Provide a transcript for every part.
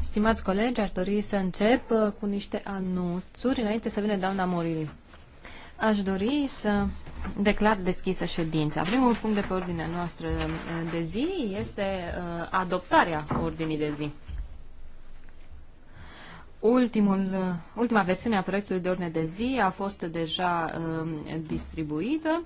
Stimați colegi, ar dori să încep uh, cu niște anunțuri înainte să vină doamna Morini. Aș dori să declar deschisă ședința. Primul punct de pe ordinea noastră uh, de zi este uh, adoptarea ordinii de zi. Ultimul, uh, ultima versiune a proiectului de ordine de zi a fost deja uh, distribuită.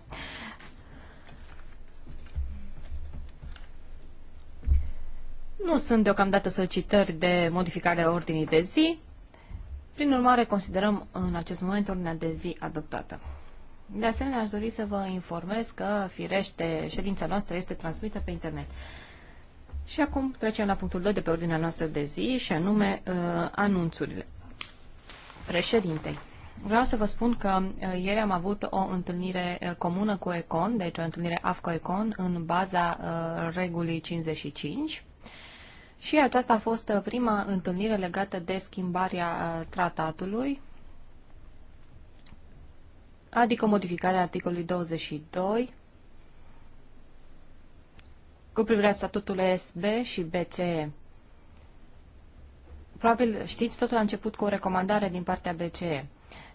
Nu sunt deocamdată solicitări de modificare a ordinii de zi. Prin urmare, considerăm în acest moment ordinea de zi adoptată. De asemenea, aș dori să vă informez că, firește, ședința noastră este transmisă pe internet. Și acum trecem la punctul 2 de pe ordinea noastră de zi și anume uh, anunțurile. Președinte, Vreau să vă spun că uh, ieri am avut o întâlnire uh, comună cu Econ, deci o întâlnire AFCO-Econ în baza uh, regulii 55. Și aceasta a fost prima întâlnire legată de schimbarea tratatului, adică modificarea articolului 22 cu privire la statutul ESB și BCE. Probabil știți, totul a început cu o recomandare din partea BCE.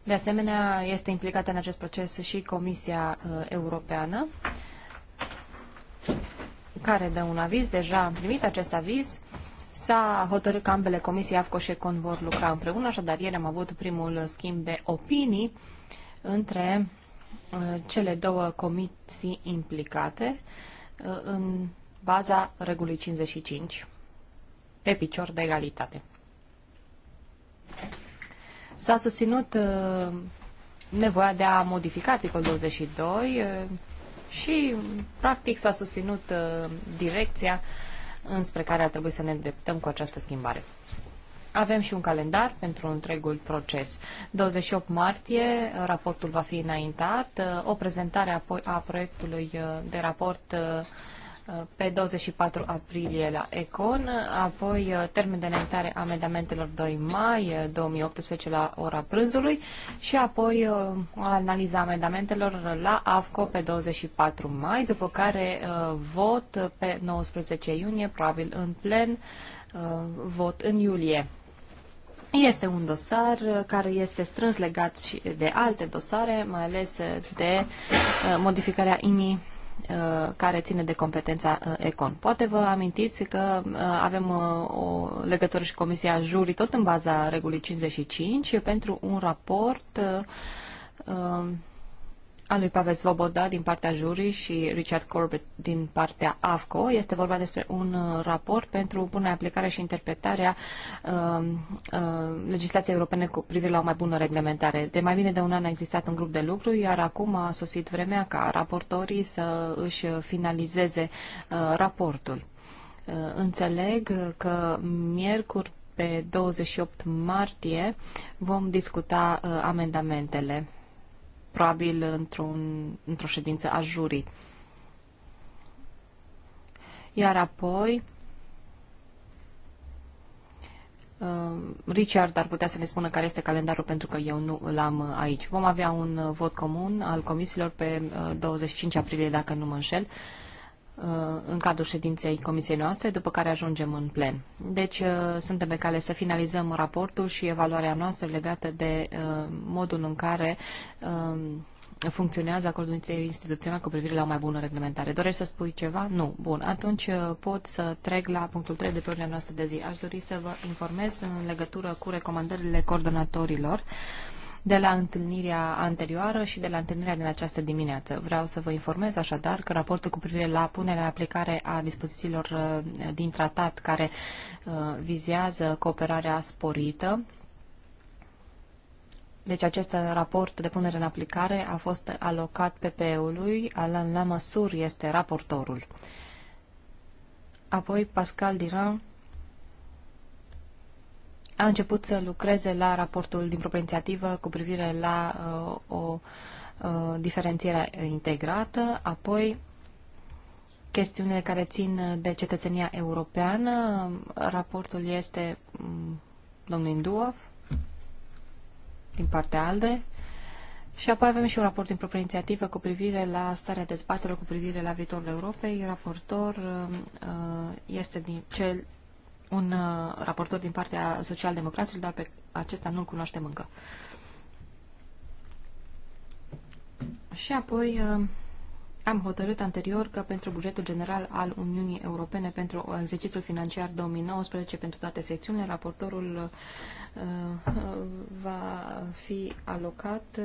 De asemenea, este implicată în acest proces și Comisia uh, Europeană, care dă un aviz. Deja am primit acest aviz. S-a hotărât că ambele comisii AFCO și CON vor lucra împreună, așadar ieri am avut primul schimb de opinii între uh, cele două comisii implicate uh, în baza regulii 55, pe picior de egalitate. S-a susținut uh, nevoia de a modifica articolul 22 uh, și, practic, s-a susținut uh, direcția înspre care ar trebui să ne îndreptăm cu această schimbare. Avem și un calendar pentru întregul proces. 28 martie, raportul va fi înaintat, o prezentare a proiectului de raport pe 24 aprilie la Econ, apoi uh, termen de înaintare a amendamentelor 2 mai 2018 uh, la ora prânzului și apoi uh, analiza amendamentelor la AFCO pe 24 mai, după care vot pe 19 iunie, probabil în plen, vot în iulie. Este un dosar care este strâns legat și de alte dosare, mai ales de modificarea IMI Uh, care ține de competența uh, ECON. Poate vă amintiți că uh, avem o legătură și Comisia Juri, tot în baza regulii 55, pentru un raport a lui Pavel Svoboda din partea jurii și Richard Corbett din partea AFCO. Este vorba despre un uh, raport pentru punerea aplicare și interpretarea uh, uh, legislației europene cu privire la o mai bună reglementare. De mai bine de un an a existat un grup de lucru, iar acum a sosit vremea ca raportorii să își finalizeze uh, raportul. Uh, înțeleg că miercuri pe 28 martie vom discuta uh, amendamentele probabil într-un, într-o ședință a jurii. Iar apoi, uh, Richard ar putea să ne spună care este calendarul pentru că eu nu îl am aici. Vom avea un vot comun al comisiilor pe 25 uh, aprilie, dacă nu mă înșel. Uh, în cadrul ședinței comisiei noastre, după care ajungem în plen. Deci uh, suntem pe cale să finalizăm raportul și evaluarea noastră legată de uh, modul în care um, funcționează acordul instituțional cu privire la o mai bună reglementare. Dorești să spui ceva? Nu. Bun. Atunci pot să trec la punctul 3 de pe ordinea noastră de zi. Aș dori să vă informez în legătură cu recomandările coordonatorilor uh, de la întâlnirea anterioară și de la întâlnirea din această dimineață. Vreau să vă informez așadar că raportul cu privire la punerea în aplicare a dispozițiilor uh, din tratat care uh, vizează cooperarea sporită deci acest raport de punere în aplicare a fost alocat PPE-ului, Alan Lamasur este raportorul. Apoi Pascal Diran a început să lucreze la raportul din propria inițiativă cu privire la uh, o uh, diferențiere integrată, apoi chestiunile care țin de cetățenia europeană. Raportul este mm, domnul Induov din partea ALDE și apoi avem și un raport din propria inițiativă cu privire la starea dezbaterilor cu privire la viitorul Europei. Raportor uh, uh, este din cel un uh, raportor din partea socialdemocraților, dar pe acesta nu-l cunoaștem încă. Și apoi uh, am hotărât anterior că pentru bugetul general al Uniunii Europene pentru exercițiul financiar 2019 pentru toate secțiunile, raportorul uh, va fi alocat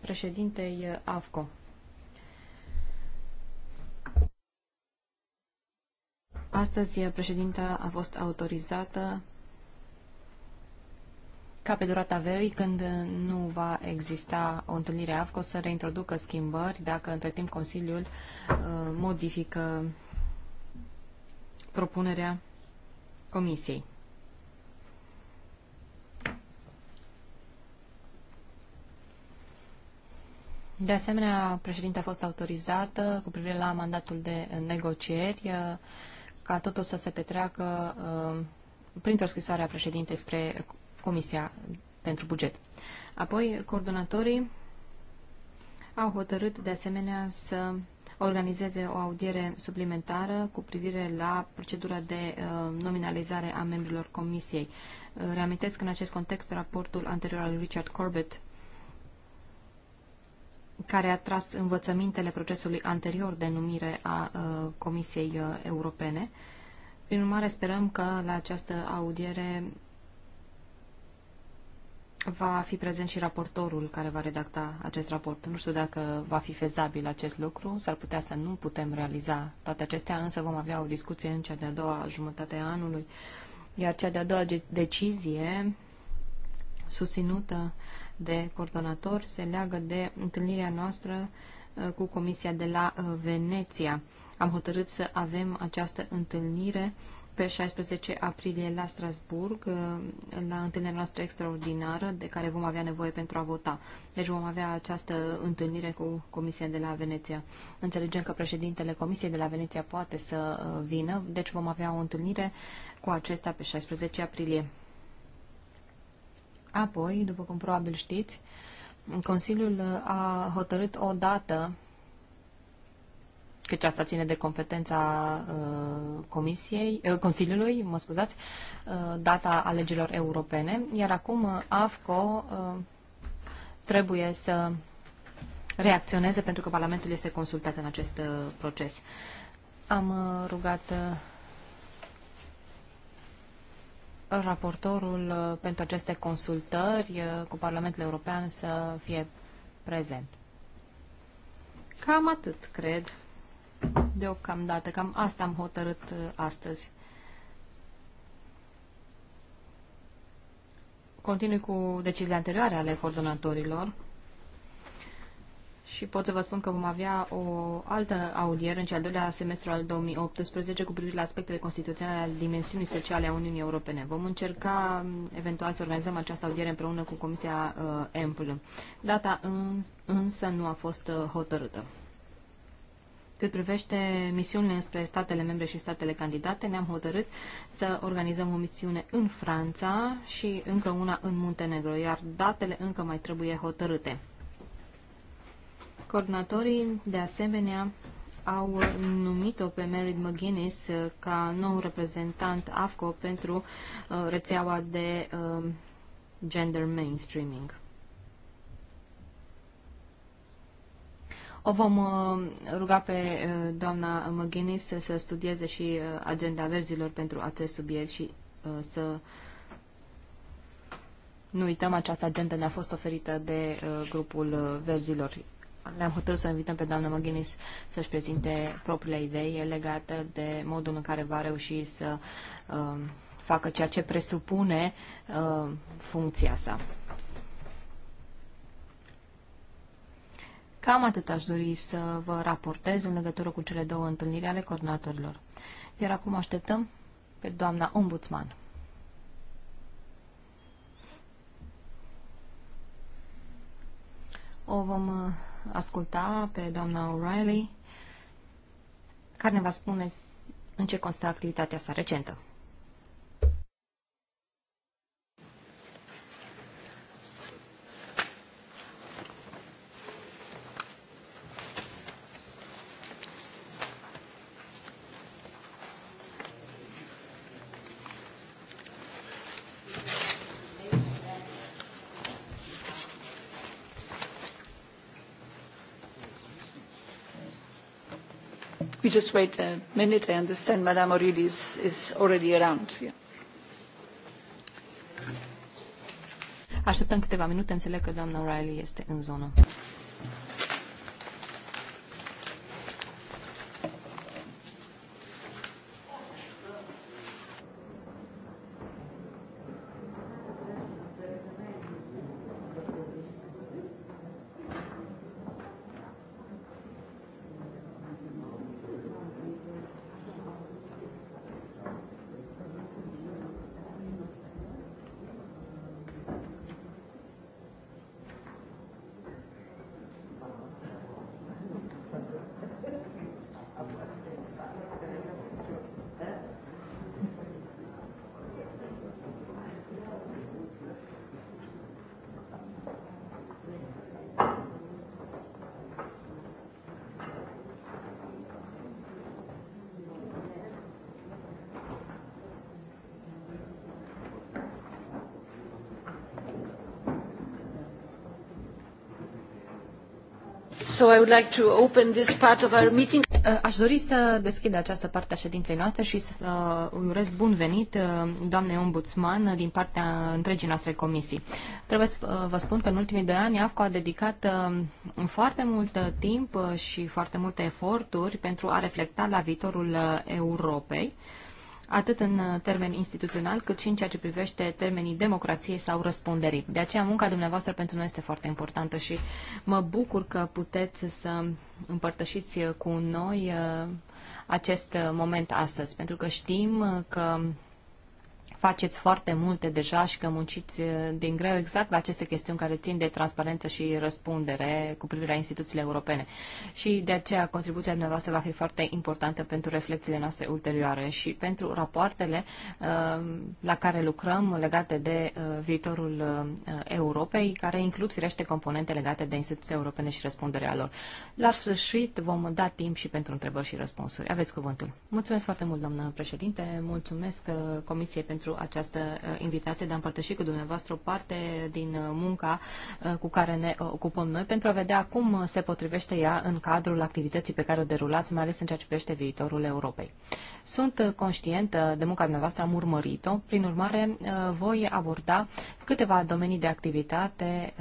președintei AFCO. Astăzi eh, președinta a fost autorizată ca pe durata verii, când eh, nu va exista o întâlnire AFCO, să reintroducă schimbări dacă între timp Consiliul eh, modifică propunerea Comisiei. De asemenea, președinta a fost autorizată cu privire la mandatul de negocieri ca totul să se petreacă uh, printr-o scrisoare a președintei spre Comisia pentru Buget. Apoi, coordonatorii au hotărât de asemenea să organizeze o audiere suplimentară cu privire la procedura de uh, nominalizare a membrilor Comisiei. Uh, reamintesc în acest context raportul anterior al Richard Corbett care a tras învățămintele procesului anterior de numire a uh, Comisiei uh, Europene. Prin urmare, sperăm că la această audiere va fi prezent și raportorul care va redacta acest raport. Nu știu dacă va fi fezabil acest lucru, s-ar putea să nu putem realiza toate acestea, însă vom avea o discuție în cea de-a doua jumătate a anului, iar cea de-a doua decizie susținută de coordonator se leagă de întâlnirea noastră uh, cu Comisia de la uh, Veneția. Am hotărât să avem această întâlnire pe 16 aprilie la Strasburg, uh, la întâlnirea noastră extraordinară de care vom avea nevoie pentru a vota. Deci vom avea această întâlnire cu Comisia de la Veneția. Înțelegem că președintele Comisiei de la Veneția poate să vină, deci vom avea o întâlnire cu acesta pe 16 aprilie. Apoi, după cum probabil știți, Consiliul a hotărât o dată căci asta ține de competența uh, comisiei, uh, Consiliului, mă scuzați, uh, data alegerilor europene, iar acum AFCO trebuie să reacționeze pentru că Parlamentul este consultat în acest proces. Am rugat raportorul uh, pentru aceste consultări uh, cu Parlamentul European să fie prezent. Cam atât, cred, deocamdată. Cam asta am hotărât uh, astăzi. Continui cu deciziile anterioare ale coordonatorilor și pot să vă spun că vom avea o altă audiere în cel doilea semestru al 2018 cu privire la aspectele constituționale ale dimensiunii sociale a Uniunii Europene. Vom încerca mm, eventual să organizăm această audiere împreună cu Comisia uh, EMPL. Data însă nu a fost uh, hotărâtă. Cât privește misiunile spre statele membre și statele candidate, ne-am hotărât să organizăm o misiune în Franța și încă una în Muntenegro, iar datele încă mai trebuie hotărâte. Coordonatorii, de asemenea, au numit-o pe Merit McGuinness uh, ca nou reprezentant AFCO pentru uh, rețeaua de um, gender mainstreaming. O vom uh, ruga pe doamna McGuinness să studieze și agenda verzilor pentru acest subiect și să nu uităm, această agenda ne-a fost oferită de grupul verzilor ne-am hotărât să invităm pe doamna McGuinness să-și prezinte propriile idei legate de modul în care va reuși să uh, facă ceea ce presupune uh, funcția sa. Cam atât aș dori să vă raportez în legătură cu cele două întâlniri ale coordonatorilor. Iar acum așteptăm pe doamna ombudsman. O vom uh, asculta pe doamna O'Reilly, care ne va spune în ce constă activitatea sa recentă. Așteptăm câteva minute. Înțeleg că doamna O'Reilly este în zonă. So I would like to open this part of our meeting. Uh, aș dori să deschid această parte a ședinței noastre și să îi urez bun venit uh, doamnei ombudsman uh, din partea întregii noastre comisii. Trebuie să vă spun că în ultimii doi ani AFCO a dedicat foarte mult timp și foarte multe eforturi pentru a reflecta la viitorul Europei atât în uh, termeni instituțional, cât și în ceea ce privește termenii democrației sau răspunderii. De aceea, munca dumneavoastră pentru noi este foarte importantă și mă bucur că puteți să împărtășiți uh, cu noi uh, acest moment astăzi, pentru că știm că faceți foarte multe deja și că munciți eh, din greu exact la aceste chestiuni care țin de transparență și răspundere cu privire la instituțiile europene. Și de aceea contribuția dumneavoastră va fi foarte importantă pentru reflexiile noastre ulterioare și pentru rapoartele eh, la care lucrăm legate de eh, viitorul Europei, care includ firește componente legate de instituții europene și răspunderea lor. La sfârșit vom da timp și pentru întrebări și răspunsuri. Aveți cuvântul. Mulțumesc foarte mult, doamnă președinte. Mulțumesc Comisiei pentru pentru această uh, invitație de a împărtăși cu dumneavoastră o parte din uh, munca uh, cu care ne ocupăm noi pentru a vedea cum se potrivește ea în cadrul activității pe care o derulați, mai ales în ceea ce privește viitorul Europei. Sunt conștientă de munca dumneavoastră, am urmărit-o, prin urmare voi aborda câteva domenii de activitate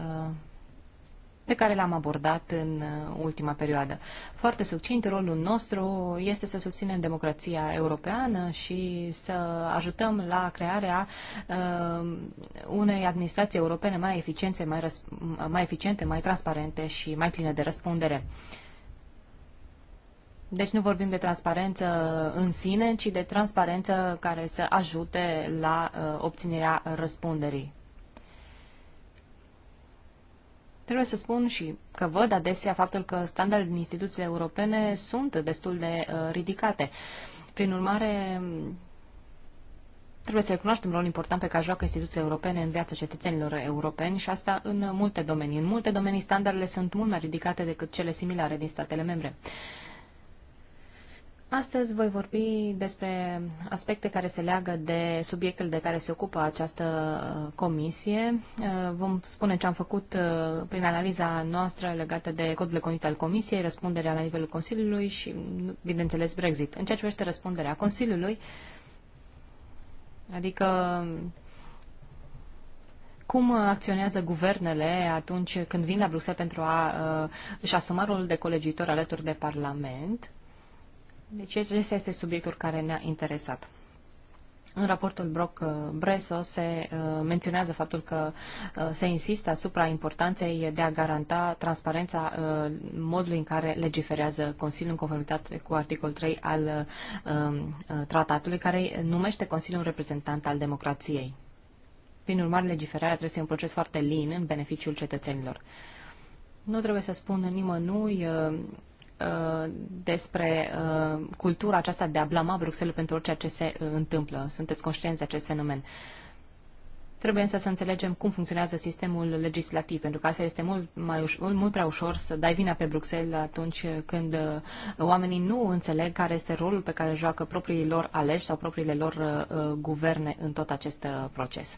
pe care l-am abordat în uh, ultima perioadă. Foarte succint, rolul nostru este să susținem democrația europeană și să ajutăm la crearea uh, unei administrații europene mai eficiente, mai, mai eficiente, mai transparente și mai pline de răspundere. Deci nu vorbim de transparență în sine, ci de transparență care să ajute la uh, obținerea răspunderii. Trebuie să spun și că văd adesea faptul că standardele din instituțiile europene sunt destul de uh, ridicate. Prin urmare, trebuie să recunoaștem rolul important pe care joacă instituțiile europene în viața cetățenilor europeni și asta în multe domenii. În multe domenii standardele sunt mult mai ridicate decât cele similare din statele membre. Astăzi voi vorbi despre aspecte care se leagă de subiectele de care se ocupă această uh, comisie. Uh, vom spune ce am făcut uh, prin analiza noastră legată de codul de conduită al comisiei, răspunderea la nivelul Consiliului și, bineînțeles, Brexit. În ceea ce privește răspunderea Consiliului, adică cum acționează guvernele atunci când vin la Bruxelles pentru a uh, își asuma rolul de colegitor alături de Parlament deci acesta este subiectul care ne-a interesat. În raportul Brock-Breso uh, se uh, menționează faptul că uh, se insistă asupra importanței de a garanta transparența modului în care legiferează Consiliul în conformitate cu articolul 3 al tratatului, care numește Consiliul un reprezentant al democrației. Prin urmare, legiferarea trebuie să fie un proces foarte lin în beneficiul cetățenilor. Nu trebuie să spună nimănui Uh, despre uh, cultura aceasta de a blama Bruxelles pentru orice ce se uh, întâmplă. Sunteți conștienți de acest fenomen. Trebuie însă să înțelegem cum funcționează sistemul legislativ, pentru că altfel este mult, mai uș- mult prea ușor să dai vina pe Bruxelles atunci când uh, oamenii nu înțeleg care este rolul pe care îl joacă propriilor lor aleși sau propriile lor uh, uh, guverne în tot acest proces.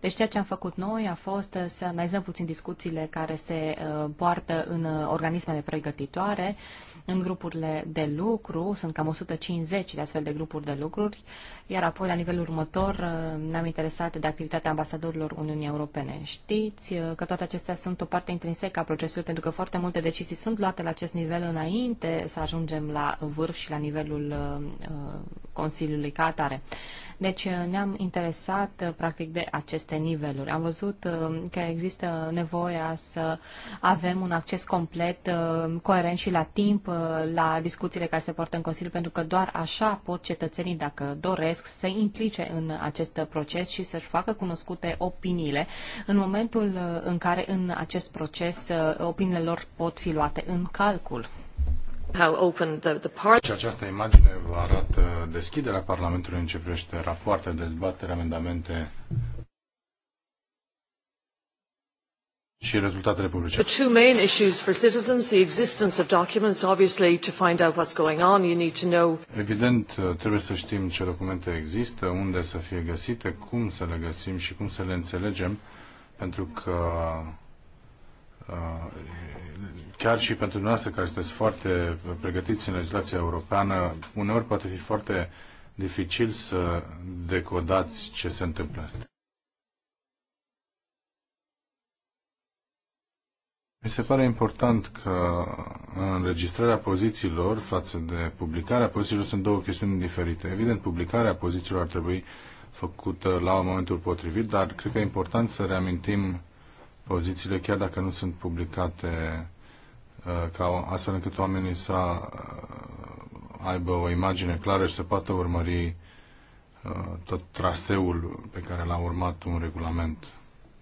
Deci ceea ce am făcut noi a fost să analizăm puțin discuțiile care se poartă în organismele pregătitoare, uh, în grupurile de lucru, sunt cam 150 de astfel de grupuri de lucruri, iar apoi la nivelul următor uh, ne-am interesat de activitatea ambasadorilor Uniunii Europene. Știți uh, că toate acestea sunt o parte intrinsecă a procesului, pentru că foarte multe decizii sunt luate la acest nivel înainte să ajungem la vârf și la nivelul uh, Consiliului ca deci uh, ne-am interesat uh, practic de aceste niveluri. Am văzut uh, că există nevoia să avem un acces complet, coerent și la timp la discuțiile care se poartă în Consiliu, pentru că doar așa pot cetățenii, dacă doresc, să se implice în acest proces și să-și facă cunoscute opiniile în momentul în care în acest proces opiniile lor pot fi luate în calcul. Și această imagine vă arată deschiderea Parlamentului în ce privește rapoarte, dezbatere, amendamente și rezultatele publice. The two main issues for citizens, the existence of documents, obviously, to find out what's going on, you need to know. Evident, trebuie să știm ce documente există, unde să fie găsite, cum să le găsim și cum să le înțelegem, pentru că Uh, chiar și pentru dumneavoastră care sunteți foarte pregătiți în legislația europeană, uneori poate fi foarte dificil să decodați ce se întâmplă. Mi se pare important că înregistrarea pozițiilor față de publicarea pozițiilor sunt două chestiuni diferite. Evident, publicarea pozițiilor ar trebui făcută la momentul potrivit, dar cred că e important să reamintim pozițiile, chiar dacă nu sunt publicate, uh, ca astfel încât oamenii să uh, aibă o imagine clară și să poată urmări uh, tot traseul pe care l-a urmat un regulament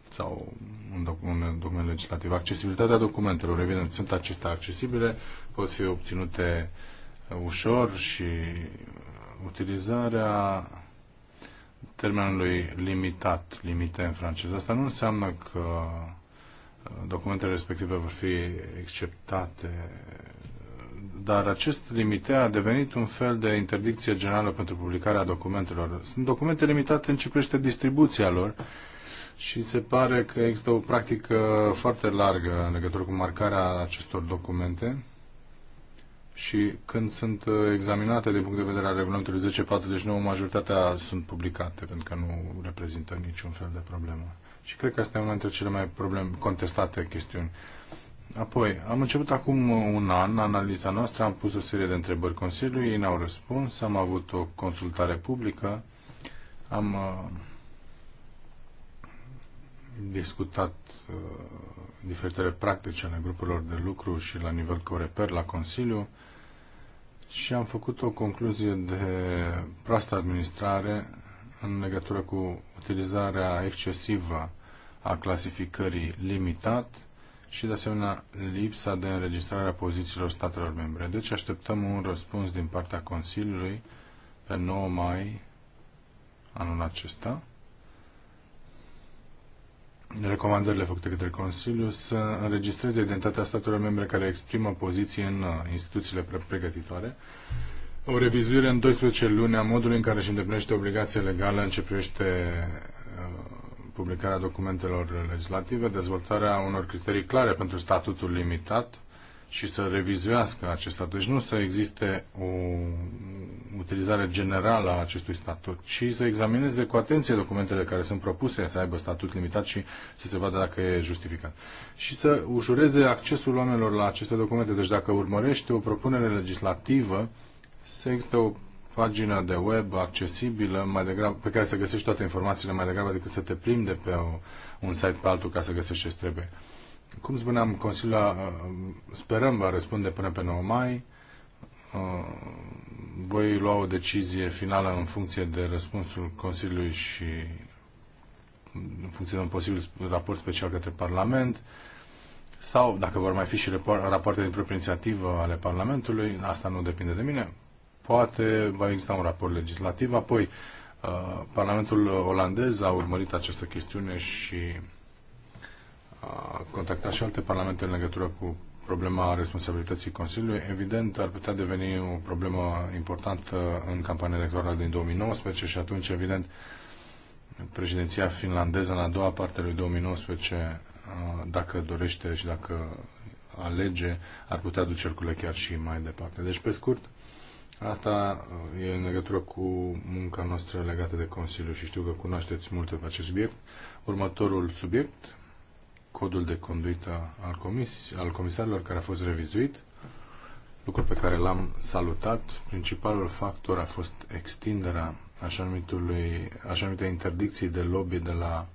sau un document, un document legislativ. Accesibilitatea documentelor, evident, sunt acestea accesibile, pot fi obținute ușor și utilizarea termenului limitat, limite în franceză. Asta nu înseamnă că documentele respective vor fi acceptate. Dar acest limite a devenit un fel de interdicție generală pentru publicarea documentelor. Sunt documente limitate în ce privește distribuția lor și se pare că există o practică foarte largă în legătură cu marcarea acestor documente și când sunt examinate din punct de vedere al regulamentului 1049, majoritatea sunt publicate pentru că nu reprezintă niciun fel de problemă și cred că asta e una dintre cele mai probleme, contestate chestiuni. Apoi, am început acum un an analiza noastră, am pus o serie de întrebări Consiliului, ei n-au răspuns, am avut o consultare publică, am uh, discutat uh, diferitele practici ale grupurilor de lucru și la nivel coreper la Consiliu și am făcut o concluzie de proastă administrare în legătură cu utilizarea excesivă a clasificării limitat și, de asemenea, lipsa de înregistrare a pozițiilor statelor membre. Deci așteptăm un răspuns din partea Consiliului pe 9 mai anul acesta. Recomandările făcute către Consiliu să înregistreze identitatea statelor membre care exprimă poziții în uh, instituțiile pregătitoare o revizuire în 12 luni a modului în care își îndeplinește obligația legală în ce privește uh, publicarea documentelor legislative, dezvoltarea unor criterii clare pentru statutul limitat și să revizuiască acest statut. Deci nu să existe o utilizare generală a acestui statut, ci să examineze cu atenție documentele care sunt propuse să aibă statut limitat și să se vadă dacă e justificat. Și să ușureze accesul oamenilor la aceste documente. Deci dacă urmărește o propunere legislativă, să existe o pagină de web accesibilă mai degrabă, pe care să găsești toate informațiile mai degrabă decât să te plimbi de pe o, un site pe altul ca să găsești ce trebuie. Cum spuneam, Consiliul sperăm va răspunde până pe 9 mai. Voi lua o decizie finală în funcție de răspunsul Consiliului și în funcție de un posibil raport special către Parlament sau dacă vor mai fi și rapoarte din proprie inițiativă ale Parlamentului, asta nu depinde de mine, poate, va exista un raport legislativ. Apoi, uh, Parlamentul olandez a urmărit această chestiune și a contactat și alte parlamente în legătură cu problema responsabilității Consiliului. Evident, ar putea deveni o problemă importantă în campania electorală din 2019 și atunci, evident, președinția finlandeză în a doua parte a lui 2019, uh, dacă dorește și dacă alege, ar putea duce lucrurile chiar și mai departe. Deci, pe scurt, Asta e în legătură cu munca noastră legată de Consiliu și știu că cunoașteți multe pe acest subiect. Următorul subiect, codul de conduită al, comis- al comisarilor care a fost revizuit, lucru pe care l-am salutat. Principalul factor a fost extinderea așa, numitului, așa numite interdicții de lobby de la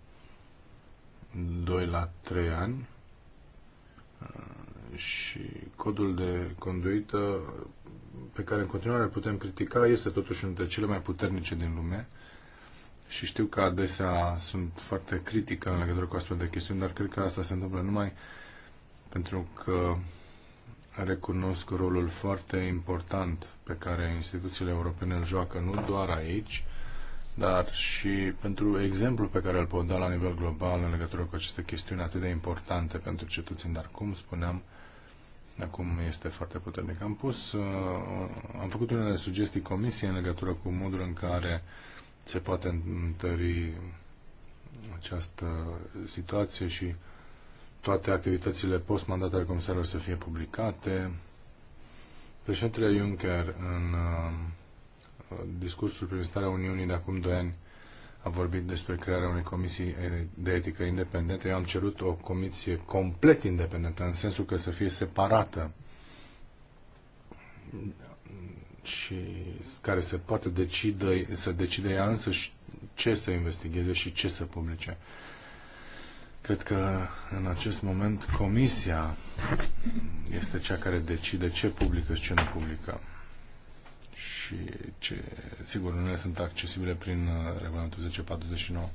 2 la 3 ani și codul de conduită pe care în continuare îl putem critica, este totuși unul dintre cele mai puternice din lume și știu că adesea sunt foarte critică în legătură cu astfel de chestiuni, dar cred că asta se întâmplă numai pentru că recunosc rolul foarte important pe care instituțiile europene îl joacă nu doar aici, dar și pentru exemplu pe care îl pot da la nivel global în legătură cu aceste chestiuni atât de importante pentru cetățeni. Dar, cum spuneam, acum este foarte puternic. Am pus, uh, am făcut unele sugestii comisiei în legătură cu modul în care se poate întări această situație și toate activitățile post-mandat ale comisarilor să fie publicate. Președintele Juncker, în uh, discursul privind starea Uniunii de acum 2 ani, a vorbit despre crearea unei comisii de etică independente. Eu am cerut o comisie complet independentă, în sensul că să fie separată și care se poate decide, să decide ea și ce să investigheze și ce să publice. Cred că în acest moment comisia este cea care decide ce publică și ce nu publică și ce, sigur, nu sunt accesibile prin uh, regulamentul 1049.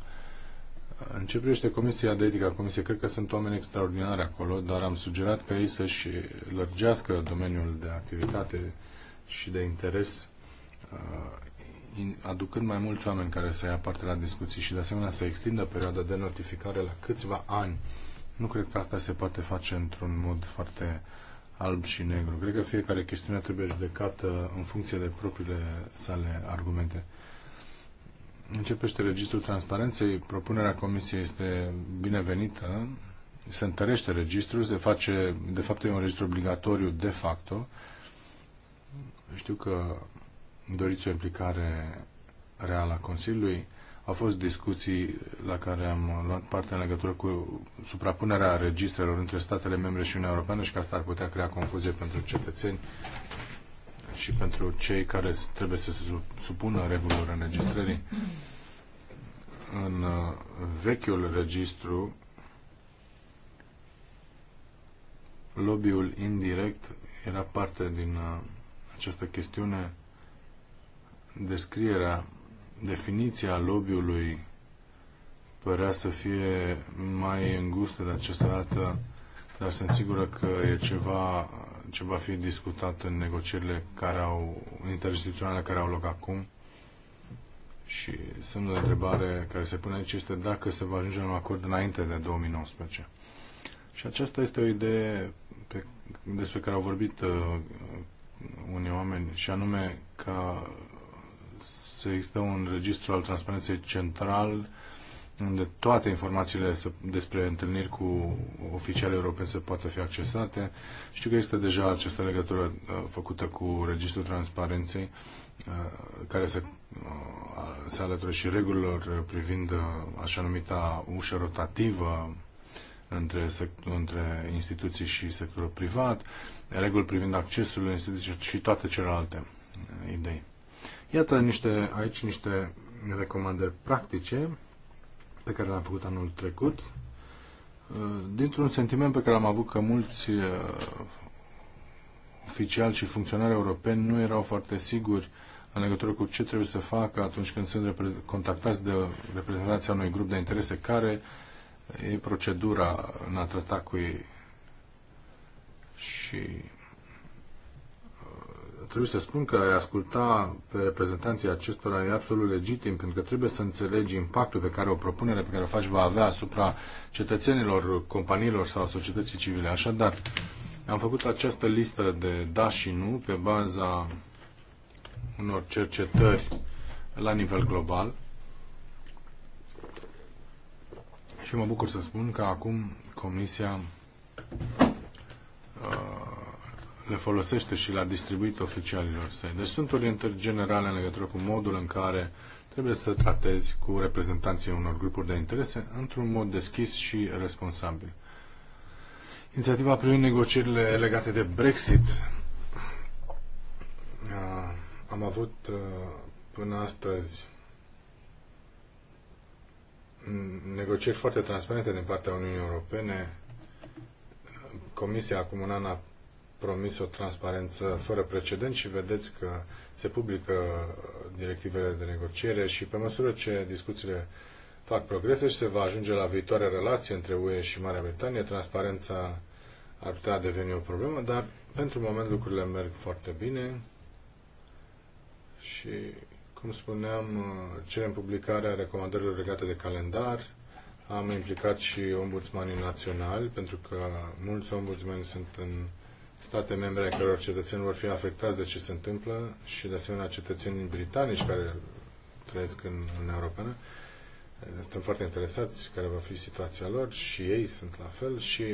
În ce privește Comisia de Etică a Comisiei, cred că sunt oameni extraordinari acolo, dar am sugerat că ei să-și lărgească domeniul de activitate și de interes, uh, aducând mai mulți oameni care să ia parte la discuții și, de asemenea, să extindă perioada de notificare la câțiva ani. Nu cred că asta se poate face într-un mod foarte alb și negru. Cred că fiecare chestiune trebuie judecată în funcție de propriile sale argumente. Începește registrul transparenței. Propunerea comisiei este binevenită. Se întărește registrul, se face, de fapt e un registru obligatoriu de facto. Știu că doriți o implicare reală a Consiliului. Au fost discuții la care am luat parte în legătură cu suprapunerea registrelor între statele membre și Uniunea Europeană și că asta ar putea crea confuzie pentru cetățeni și pentru cei care trebuie să se supună regulilor înregistrării. În uh, vechiul registru, lobby-ul indirect era parte din uh, această chestiune descrierea definiția lobby-ului părea să fie mai îngustă de această dată, dar sunt sigură că e ceva ce va fi discutat în negocierile care au, interinstituționale care au loc acum. Și semnul de întrebare care se pune aici este dacă se va ajunge la un acord înainte de 2019. Și aceasta este o idee pe, despre care au vorbit uh, unii oameni, și anume ca să există un registru al transparenței central unde toate informațiile despre întâlniri cu oficiali europeni se poate fi accesate. Știu că există deja această legătură uh, făcută cu Registrul Transparenței, uh, care se, uh, se alătură și regulilor privind așa numita ușă rotativă între, între instituții și sectorul privat, reguli privind accesul instituției și toate celelalte idei. Iată niște, aici niște recomandări practice pe care le-am făcut anul trecut, uh, dintr-un sentiment pe care l-am avut că mulți uh, oficiali și funcționari europeni nu erau foarte siguri în legătură cu ce trebuie să facă atunci când sunt contactați de reprezentanția unui grup de interese, care e procedura în a trata cu ei. Și trebuie să spun că ai asculta pe reprezentanții acestora e absolut legitim, pentru că trebuie să înțelegi impactul pe care o propunere pe care o faci va avea asupra cetățenilor, companiilor sau societății civile. Așadar, am făcut această listă de da și nu pe baza unor cercetări la nivel global și mă bucur să spun că acum Comisia uh, le folosește și le-a distribuit oficialilor săi. Deci sunt orientări generale în legătură cu modul în care trebuie să tratezi cu reprezentanții unor grupuri de interese într-un mod deschis și responsabil. Inițiativa privind negocierile legate de Brexit uh, am avut uh, până astăzi negocieri foarte transparente din partea Uniunii Europene. Comisia acum un an a promis o transparență fără precedent și vedeți că se publică directivele de negociere și pe măsură ce discuțiile fac progrese și se va ajunge la viitoare relație între UE și Marea Britanie, transparența ar putea deveni o problemă, dar pentru moment lucrurile merg foarte bine și, cum spuneam, cerem publicarea recomandărilor legate de calendar, am implicat și ombudsmanii naționali, pentru că mulți ombudsmani sunt în state membre ale căror cetățeni vor fi afectați de ce se întâmplă și de asemenea cetățenii britanici care trăiesc în Uniunea Europeană. Suntem foarte interesați care va fi situația lor și ei sunt la fel și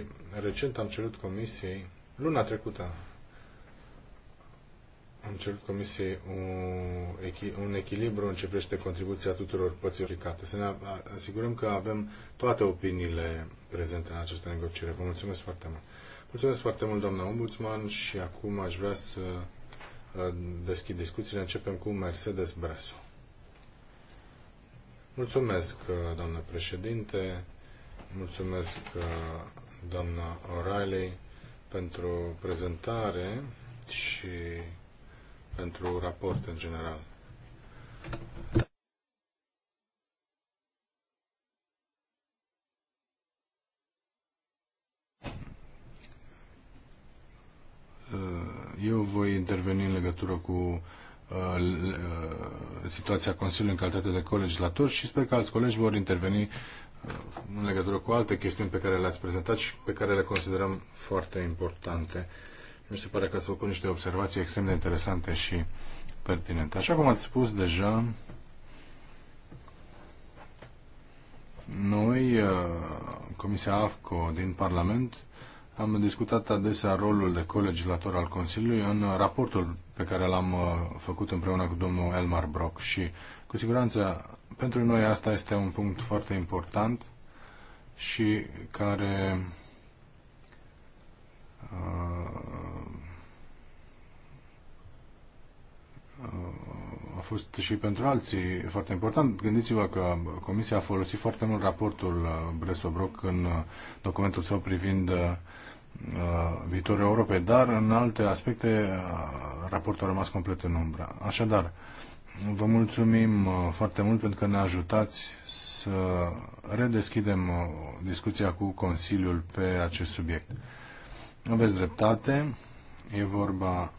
recent am cerut comisiei, luna trecută, am cerut comisiei un, echilibru în ce privește contribuția tuturor părților implicate. Să ne asigurăm că avem toate opiniile prezente în această negociere. Vă mulțumesc foarte mult. Mulțumesc foarte mult, doamna ombudsman, și acum aș vrea să uh, deschid discuțiile. Începem cu Mercedes Bresu. Mulțumesc, uh, doamnă președinte, mulțumesc, uh, doamna O'Reilly, pentru prezentare și pentru raport în general. Uh, eu voi interveni în legătură cu uh, uh, situația Consiliului în calitate de colegislator și sper că alți colegi vor interveni în legătură cu alte chestiuni pe care le-ați prezentat și pe care le considerăm foarte importante. Mi se pare că ați făcut niște observații extrem de interesante și pertinente. Așa cum ați spus deja, noi, Comisia AFCO din Parlament, am discutat adesea rolul de colegislator al Consiliului în raportul pe care l-am uh, făcut împreună cu domnul Elmar Brock și cu siguranță pentru noi asta este un punct foarte important și care uh, uh, fost și pentru alții foarte important. Gândiți-vă că Comisia a folosit foarte mult raportul uh, Bresobroc în uh, documentul său privind uh, viitorul Europei, dar în alte aspecte raportul a rămas complet în umbră. Așadar, vă mulțumim foarte mult pentru că ne ajutați să redeschidem discuția cu Consiliul pe acest subiect. Aveți dreptate, e vorba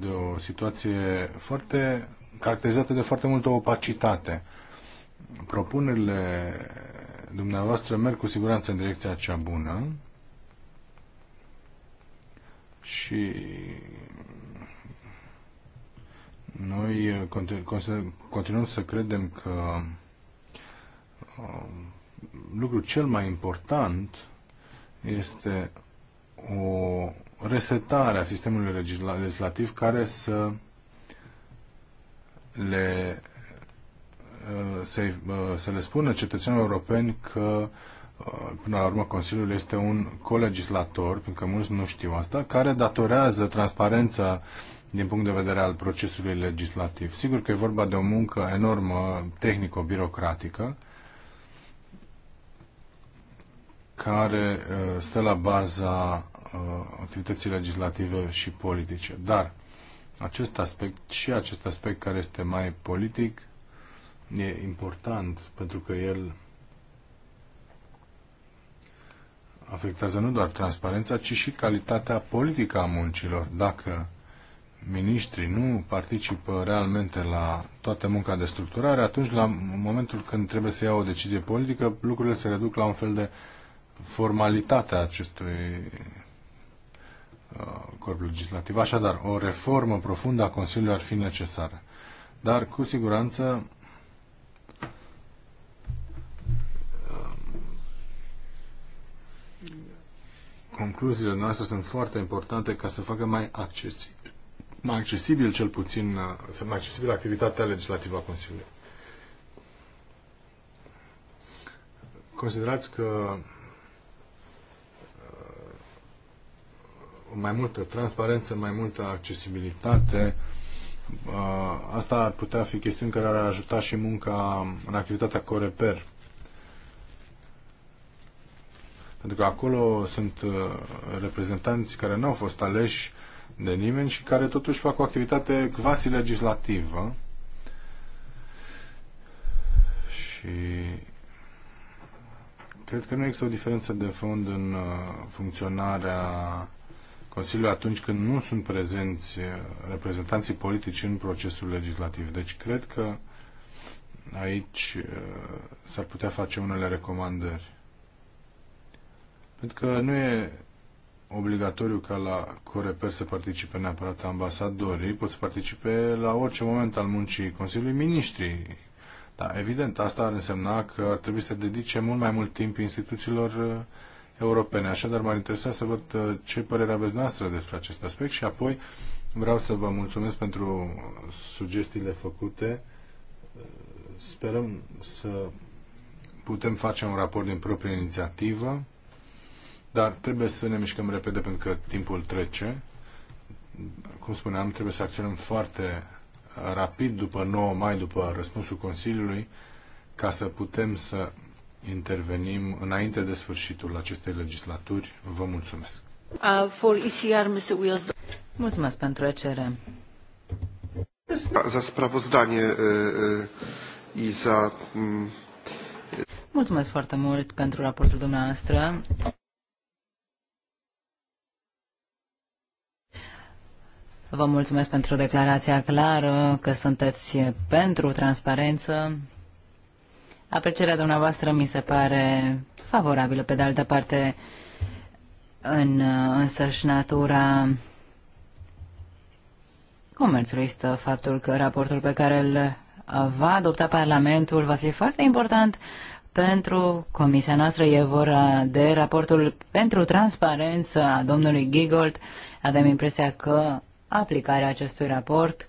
de o situație foarte caracterizată de foarte multă opacitate. Propunerile dumneavoastră merg cu siguranță în direcția cea bună și noi continuăm să credem că um, lucrul cel mai important este o resetare a sistemului legislativ care să le, uh, să, uh, să le spună cetățenilor europeni că uh, până la urmă Consiliul este un colegislator, pentru că mulți nu știu asta, care datorează transparența din punct de vedere al procesului legislativ. Sigur că e vorba de o muncă enormă, tehnico-birocratică, care stă la baza activității legislative și politice. Dar acest aspect și acest aspect care este mai politic e important pentru că el afectează nu doar transparența, ci și calitatea politică a muncilor. Dacă miniștrii nu participă realmente la toată munca de structurare, atunci, la momentul când trebuie să ia o decizie politică, lucrurile se reduc la un fel de formalitate a acestui Uh, corpul legislativ. Așadar, o reformă profundă a Consiliului ar fi necesară. Dar, cu siguranță, uh, concluziile noastre sunt foarte importante ca să facă mai accesibil, mai accesibil cel puțin, uh, să mai accesibil activitatea legislativă a Consiliului. Considerați că mai multă transparență, mai multă accesibilitate. Uh, asta ar putea fi chestiuni care ar ajuta și munca în activitatea Coreper. Pentru că acolo sunt uh, reprezentanți care nu au fost aleși de nimeni și care totuși fac o activitate quasi legislativă. Și cred că nu există o diferență de fond în uh, funcționarea Consiliul atunci când nu sunt prezenți eh, reprezentanții politici în procesul legislativ. Deci cred că aici eh, s-ar putea face unele recomandări. Pentru că nu e obligatoriu ca la Coreper să participe neapărat ambasadorii, pot să participe la orice moment al muncii Consiliului Ministrii. Da, evident, asta ar însemna că ar trebui să dedice mult mai mult timp instituțiilor eh, europene. Așadar, m-ar interesa să văd uh, ce părere aveți noastră despre acest aspect și apoi vreau să vă mulțumesc pentru sugestiile făcute. Uh, sperăm să putem face un raport din proprie inițiativă, dar trebuie să ne mișcăm repede pentru că timpul trece. Cum spuneam, trebuie să acționăm foarte rapid după 9 mai, după răspunsul Consiliului, ca să putem să intervenim înainte de sfârșitul acestei legislaturi. Vă mulțumesc. Uh, for ECR, Mr. Wills. Mulțumesc pentru ECR. Za sprawozdanie i za... Mm, mulțumesc foarte mult pentru raportul dumneavoastră. Vă mulțumesc pentru declarația clară că sunteți pentru transparență. Aprecierea dumneavoastră mi se pare favorabilă. Pe de altă parte, în însăși natura comerțului stă faptul că raportul pe care îl va adopta Parlamentul va fi foarte important pentru comisia noastră. E vorba de raportul pentru transparență a domnului Gigold. Avem impresia că aplicarea acestui raport uh,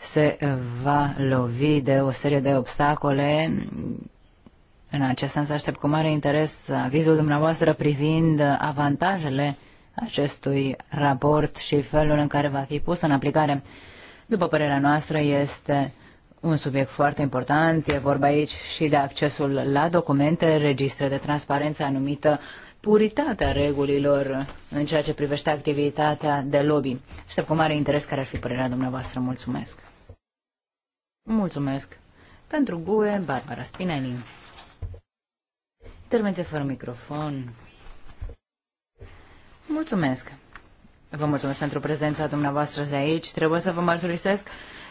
se va lovi de o serie de obstacole. În acest sens aștept cu mare interes avizul dumneavoastră privind avantajele acestui raport și felul în care va fi pus în aplicare. După părerea noastră, este un subiect foarte important. E vorba aici și de accesul la documente, registre de transparență anumită puritatea regulilor în ceea ce privește activitatea de lobby. Aștept cu mare interes care ar fi părerea dumneavoastră. Mulțumesc! Mulțumesc. Pentru GUE, Barbara Spinelli. Intervenție fără microfon. Mulțumesc. Vă mulțumesc pentru prezența dumneavoastră de aici. Trebuie să vă mărturisesc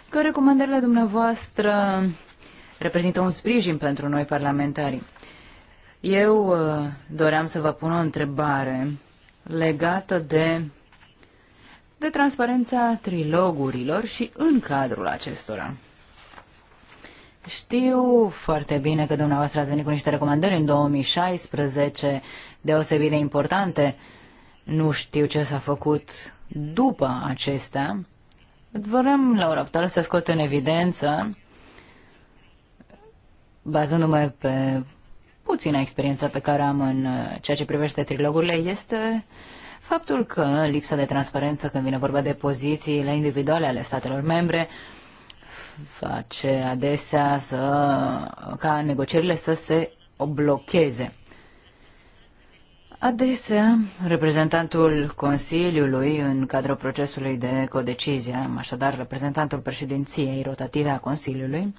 că recomandările dumneavoastră reprezintă un sprijin pentru noi parlamentarii. Eu uh, doream să vă pun o întrebare legată de, de transparența trilogurilor și în cadrul acestora. Știu foarte bine că dumneavoastră ați venit cu niște recomandări în 2016 deosebit de importante. Nu știu ce s-a făcut după acestea. Vrem la ora actuală să scot în evidență, bazându-mă pe puțină experiență pe care am în uh, ceea ce privește trilogurile, este faptul că lipsa de transparență când vine vorba de pozițiile individuale ale statelor membre, uh, face adesea să, ca negocierile să se blocheze. Adesea, reprezentantul Consiliului în cadrul procesului de codecizie, așadar reprezentantul președinției rotative a Consiliului,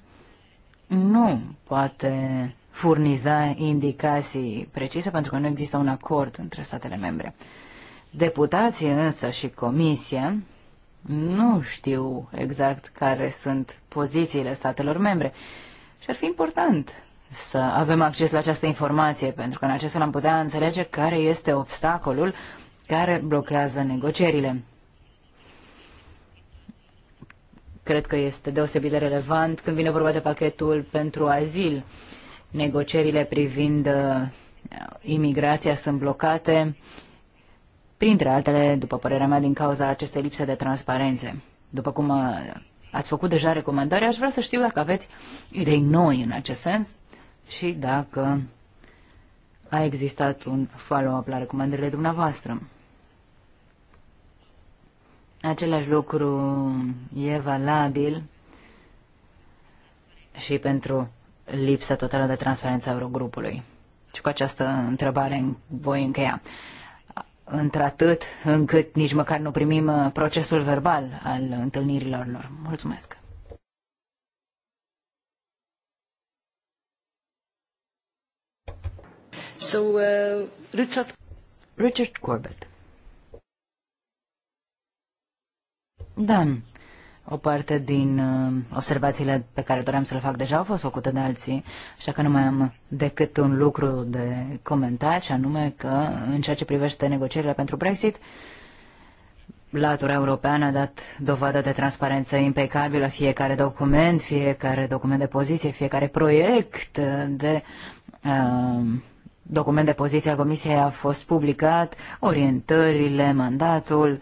nu poate furniza indicații precise pentru că nu există un acord între statele membre. Deputații însă și Comisia nu știu exact care sunt pozițiile statelor membre și ar fi important să avem acces la această informație, pentru că în acest fel am putea înțelege care este obstacolul care blochează negocierile. Cred că este deosebit de relevant când vine vorba de pachetul pentru azil. Negocierile privind uh, imigrația sunt blocate printre altele, după părerea mea, din cauza acestei lipse de transparențe. După cum uh, ați făcut deja recomandări, aș vrea să știu dacă aveți idei noi în acest sens și dacă a existat un follow-up la recomandările dumneavoastră. Același lucru e valabil și pentru lipsa totală de transparență a Eurogrupului. Și cu această întrebare voi încheia într-atât încât nici măcar nu primim uh, procesul verbal al întâlnirilor lor. Mulțumesc! So, uh, Richard... Richard Corbett. Dan, o parte din uh, observațiile pe care doream să le fac deja au fost făcute de alții, așa că nu mai am decât un lucru de comentat, și anume că în ceea ce privește negocierile pentru Brexit, latura europeană a dat dovadă de transparență impecabilă, fiecare document, fiecare document de poziție, fiecare proiect de uh, document de poziție a Comisiei a fost publicat, orientările, mandatul.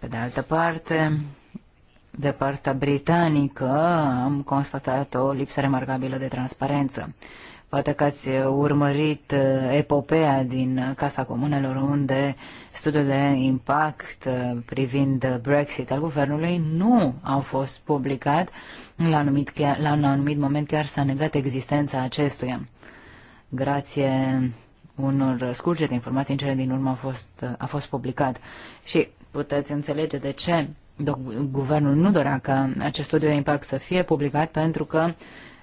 Pe de altă parte, de partea britanică am constatat o lipsă remarcabilă de transparență. Poate că ați urmărit uh, epopea din Casa Comunelor, unde studiul de impact uh, privind Brexit al guvernului nu au fost publicat. La, anumit, la un anumit moment chiar s-a negat existența acestuia. Grație unor scurge de informații în cele din urmă a fost, uh, a fost publicat. Și puteți înțelege de ce guvernul nu dorea ca acest studiu de impact să fie publicat pentru că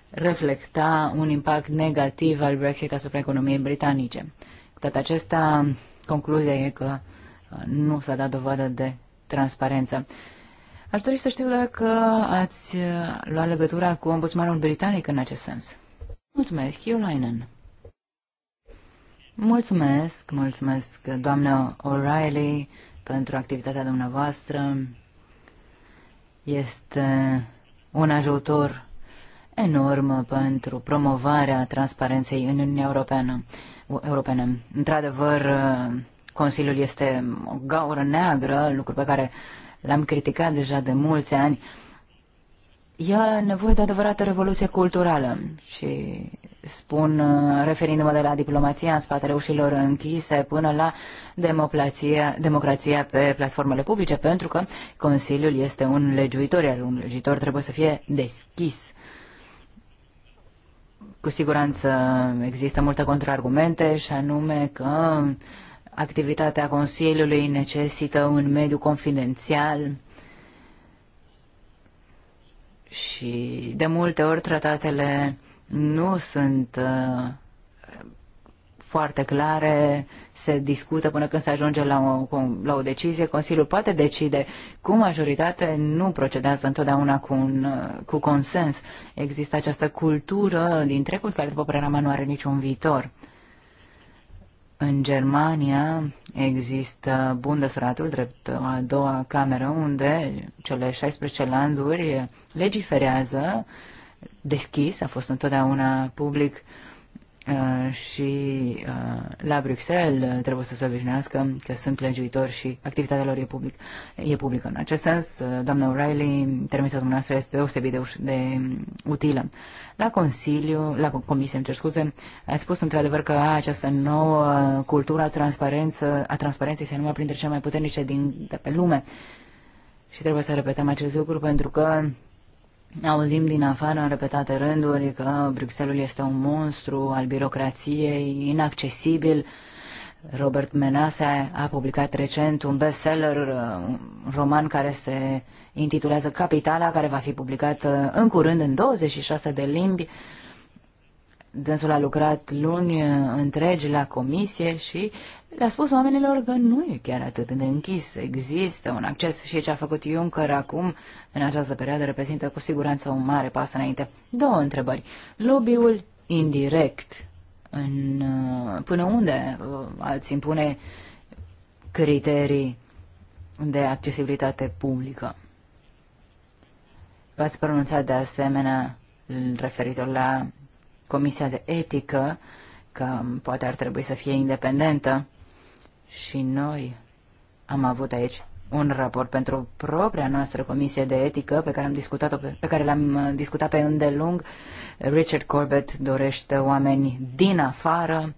reflecta un impact negativ al Brexit asupra economiei britanice. Cu toate acestea, concluzia e că uh, nu s-a dat dovadă de transparență. Aș dori să știu dacă ați uh, luat legătura cu ombudsmanul britanic în acest sens. Mulțumesc, Iulainen. Mulțumesc, mulțumesc, doamnă O'Reilly, pentru activitatea dumneavoastră este un ajutor enorm pentru promovarea transparenței în Uniunea Europeană. Europeană. Într-adevăr, Consiliul este o gaură neagră, lucru pe care l-am criticat deja de mulți ani. E nevoie de adevărată revoluție culturală și spun uh, referindu-mă de la diplomația în spatele ușilor închise până la democrația, democrația pe platformele publice, pentru că Consiliul este un legiuitor, iar un legiuitor trebuie să fie deschis. Cu siguranță există multe contraargumente și anume că activitatea Consiliului necesită un mediu confidențial, și de multe ori tratatele nu sunt uh, foarte clare, se discută până când se ajunge la o, la o decizie. Consiliul poate decide cu majoritate, nu procedează întotdeauna cu, un, uh, cu consens. Există această cultură din trecut care, după părerea mea, nu are niciun viitor. În Germania există Bundesratul, drept a doua cameră, unde cele 16 landuri legiferează uh, deschis, a fost întotdeauna public uh, și uh, la Bruxelles trebuie să se obișnuiască că sunt legiuitori și activitatea lor e, public, e publică. În acest sens, uh, doamna O'Reilly, termisa dumneavoastră este deosebit de, de utilă. La Consiliu, la Comisie, îmi cer scuze, a spus într-adevăr că a, această nouă cultură a, transparență, a transparenței se numără printre cele mai puternice din, de pe lume. Și trebuie să repetăm acest lucru pentru că Auzim din afară în repetate rânduri că Bruxelles este un monstru al birocrației, inaccesibil. Robert Menase a publicat recent un bestseller, un uh, roman care se intitulează Capitala, care va fi publicat uh, în curând în 26 de limbi. Dânsul a lucrat luni uh, întregi la comisie și le-a spus oamenilor că nu e chiar atât de închis. Există un acces și ce a făcut Juncker acum, în această perioadă, reprezintă cu siguranță un mare pas înainte. Două întrebări. Lobby-ul indirect, în, uh, până unde uh, ați impune criterii de accesibilitate publică? V-ați pronunțat de asemenea referitor la Comisia de Etică, că poate ar trebui să fie independentă. Și noi am avut aici un raport pentru propria noastră comisie de etică pe care am discutat pe, pe care l-am uh, discutat pe îndelung. Richard Corbett dorește oameni din afară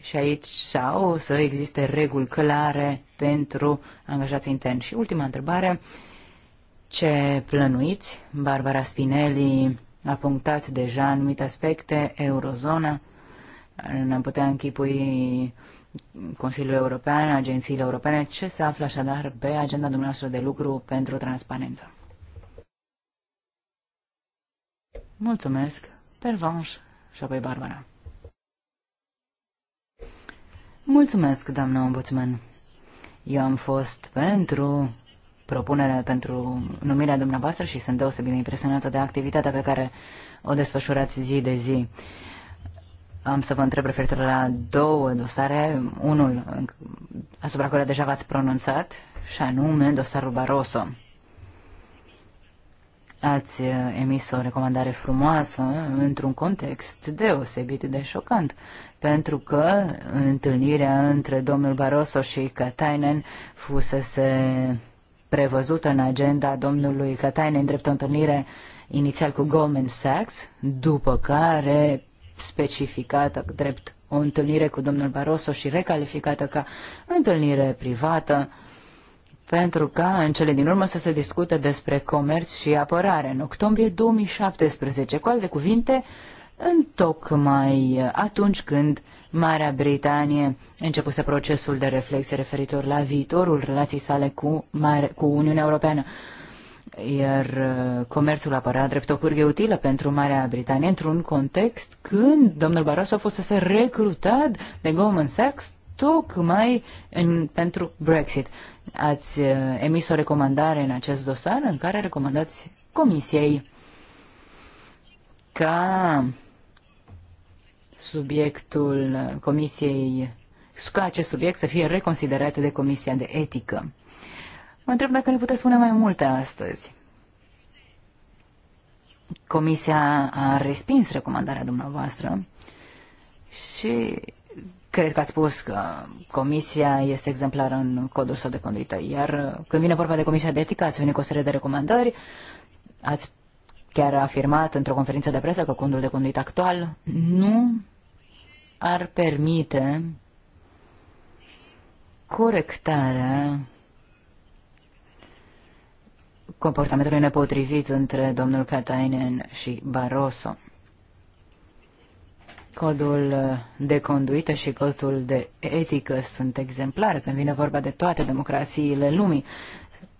și aici sau să existe reguli clare pentru angajații interni. Și ultima întrebare, ce plănuiți? Barbara Spinelli a punctat deja anumite aspecte, eurozona, ne-am putea închipui Consiliul European, agențiile europene. Ce se află așadar pe agenda dumneavoastră de lucru pentru transparență? Mulțumesc, Pervanș și apoi Barbara. Mulțumesc, doamnă ombudsman. Eu am fost pentru propunere pentru numirea dumneavoastră și sunt deosebit de impresionată de activitatea pe care o desfășurați zi de zi. Am să vă întreb referitor la două dosare, unul asupra care deja v-ați pronunțat, și anume dosarul Barroso. Ați emis o recomandare frumoasă într-un context deosebit de șocant, pentru că întâlnirea între domnul Barroso și Katainen fusese prevăzută în agenda domnului Katainen în drept o întâlnire inițial cu Goldman Sachs, după care specificată drept o întâlnire cu domnul Barroso și recalificată ca întâlnire privată, pentru ca în cele din urmă să se discute despre comerț și apărare în octombrie 2017. Cu alte cuvinte, tocmai atunci când Marea Britanie începuse procesul de reflexie referitor la viitorul relației sale cu, Mare, cu Uniunea Europeană iar uh, comerțul apărea drept o pârghie utilă pentru Marea Britanie într-un context când domnul Barroso a fost să se recrutat de Goldman Sachs tocmai în, pentru Brexit. Ați uh, emis o recomandare în acest dosar în care recomandați Comisiei ca subiectul comisiei, ca acest subiect să fie reconsiderat de Comisia de Etică. Mă întreb dacă ne puteți spune mai multe astăzi. Comisia a respins recomandarea dumneavoastră și cred că ați spus că comisia este exemplară în codul său de conduită. Iar când vine vorba de comisia de etică, ați venit cu o serie de recomandări, ați chiar afirmat într-o conferință de presă că codul de conduită actual nu ar permite corectarea comportamentului nepotrivit între domnul Katainen și Barroso. Codul de conduită și codul de etică sunt exemplare când vine vorba de toate democrațiile lumii.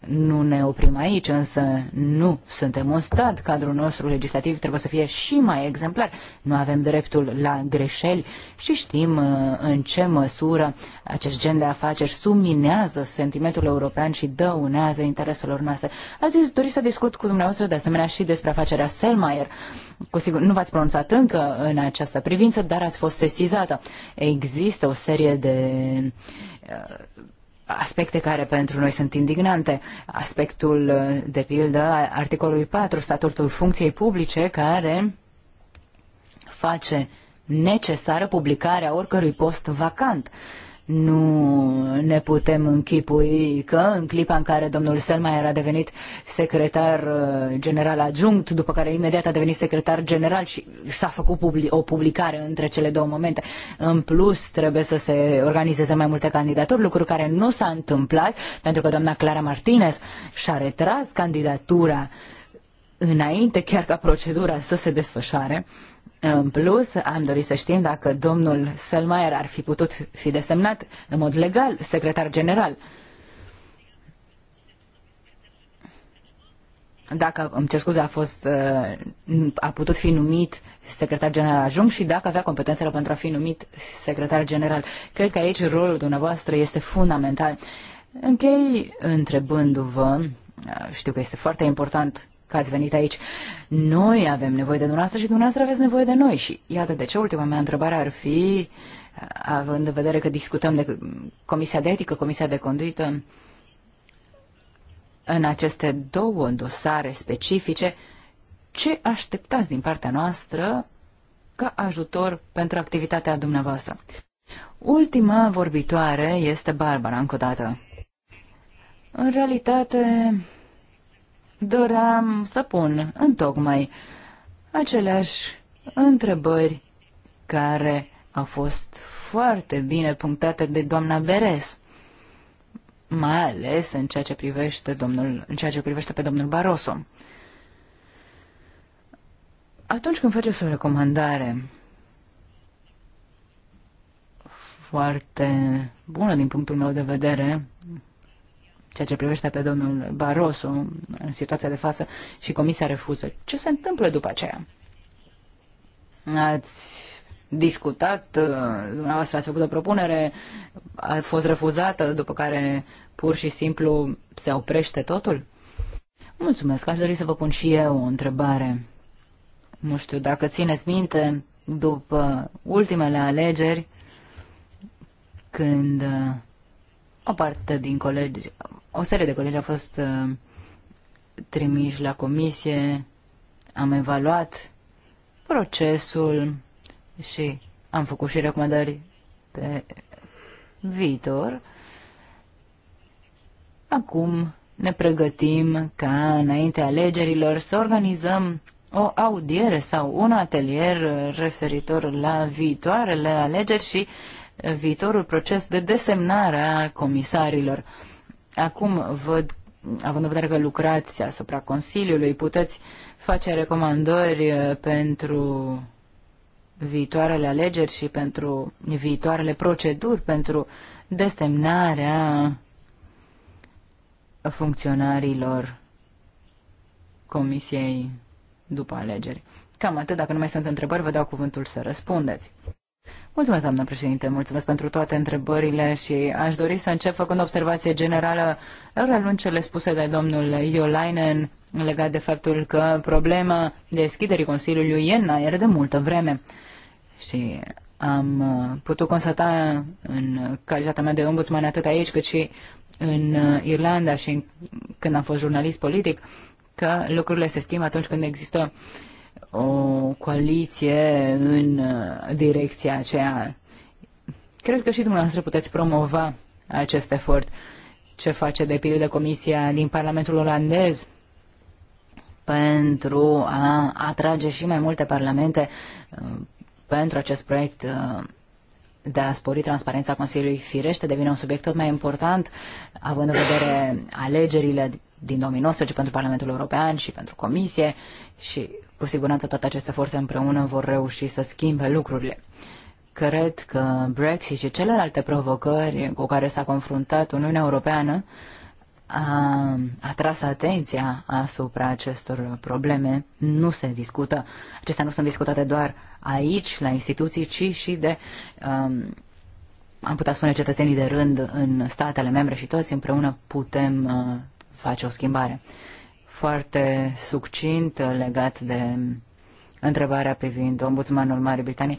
Nu ne oprim aici, însă nu suntem un stat. Cadrul nostru legislativ trebuie să fie și mai exemplar. Nu avem dreptul la greșeli și știm uh, în ce măsură acest gen de afaceri suminează sentimentul european și dăunează intereselor noastre. Azi dori să discut cu dumneavoastră de asemenea și despre afacerea Selmayr. Cu sigur, nu v-ați pronunțat încă în această privință, dar ați fost sesizată. Există o serie de uh, aspecte care pentru noi sunt indignante. Aspectul, de pildă, articolului 4, statutul funcției publice, care face necesară publicarea oricărui post vacant. Uh, nu ne putem închipui că în clipa în care domnul Selma era devenit secretar uh, general adjunct, după care imediat a devenit secretar general și s-a făcut o publicare între cele două momente. În plus, trebuie să se organizeze mai multe candidaturi, lucru care nu s-a întâmplat, pentru că doamna Clara Martinez și-a retras candidatura înainte chiar ca procedura să se desfășoare. În plus, am dorit să știm dacă domnul Selmayr ar fi putut fi desemnat în mod legal secretar general. Dacă, îmi cer scuze, a, fost, uh, a putut fi numit secretar general ajung și dacă avea competențele pentru a fi numit secretar general. Cred că aici rolul dumneavoastră este fundamental. Închei întrebându-vă, uh, știu că este foarte important că ați venit aici. Noi avem nevoie de dumneavoastră și dumneavoastră aveți nevoie de noi. Și iată de ce ultima mea întrebare ar fi, având în vedere că discutăm de Comisia de Etică, Comisia de Conduită, în aceste două dosare specifice, ce așteptați din partea noastră ca ajutor pentru activitatea dumneavoastră? Ultima vorbitoare este Barbara, încă o dată. În realitate, doream să pun în tocmai aceleași întrebări care au fost foarte bine punctate de doamna Beres, mai ales în ceea ce privește, domnul, în ceea ce privește pe domnul Barroso. Atunci când faceți o recomandare foarte bună din punctul meu de vedere, ceea ce privește pe domnul Barroso în situația de față și comisia refuză. Ce se întâmplă după aceea? Ați discutat, uh, dumneavoastră ați făcut o propunere, a fost refuzată, după care pur și simplu se oprește totul? Mulțumesc, aș dori să vă pun și eu o întrebare. Nu știu, dacă țineți minte, după ultimele alegeri, când uh, o parte din colegi o serie de colegi au fost uh, trimiși la comisie, am evaluat procesul și am făcut și recomandări pe viitor. Acum ne pregătim ca înainte alegerilor să organizăm o audiere sau un atelier referitor la viitoarele alegeri și viitorul proces de desemnare a comisarilor. Acum văd, având în vedere că lucrați asupra Consiliului, puteți face recomandări uh, pentru viitoarele alegeri și pentru viitoarele proceduri, pentru desemnarea funcționarilor Comisiei după alegeri. Cam atât, dacă nu mai sunt întrebări, vă dau cuvântul să răspundeți. Mulțumesc, doamnă președinte, mulțumesc pentru toate întrebările și aș dori să încep făcând observație generală, relând cele spuse de domnul Iolainen legat de faptul că problema deschiderii Consiliului e în aer de multă vreme. Și am uh, putut constata în calitatea mea de ombudsman atât aici cât și în uh, Irlanda și când am fost jurnalist politic că lucrurile se schimbă atunci când există o coaliție în uh, direcția aceea. Cred că și dumneavoastră puteți promova acest efort. Ce face de pildă Comisia din Parlamentul olandez pentru a atrage și mai multe parlamente uh, pentru acest proiect uh, de a spori transparența Consiliului Firește devine un subiect tot mai important, având în vedere alegerile din 2019 pentru Parlamentul European și pentru Comisie și cu siguranță toate aceste forțe împreună vor reuși să schimbe lucrurile. Cred că Brexit și celelalte provocări cu care s-a confruntat Uniunea Europeană a atras atenția asupra acestor probleme. Nu se discută, acestea nu sunt discutate doar aici, la instituții, ci și de, um, am putea spune, cetățenii de rând în statele membre și toți împreună putem uh, face o schimbare foarte succint legat de întrebarea privind ombudsmanul Marii Britanii.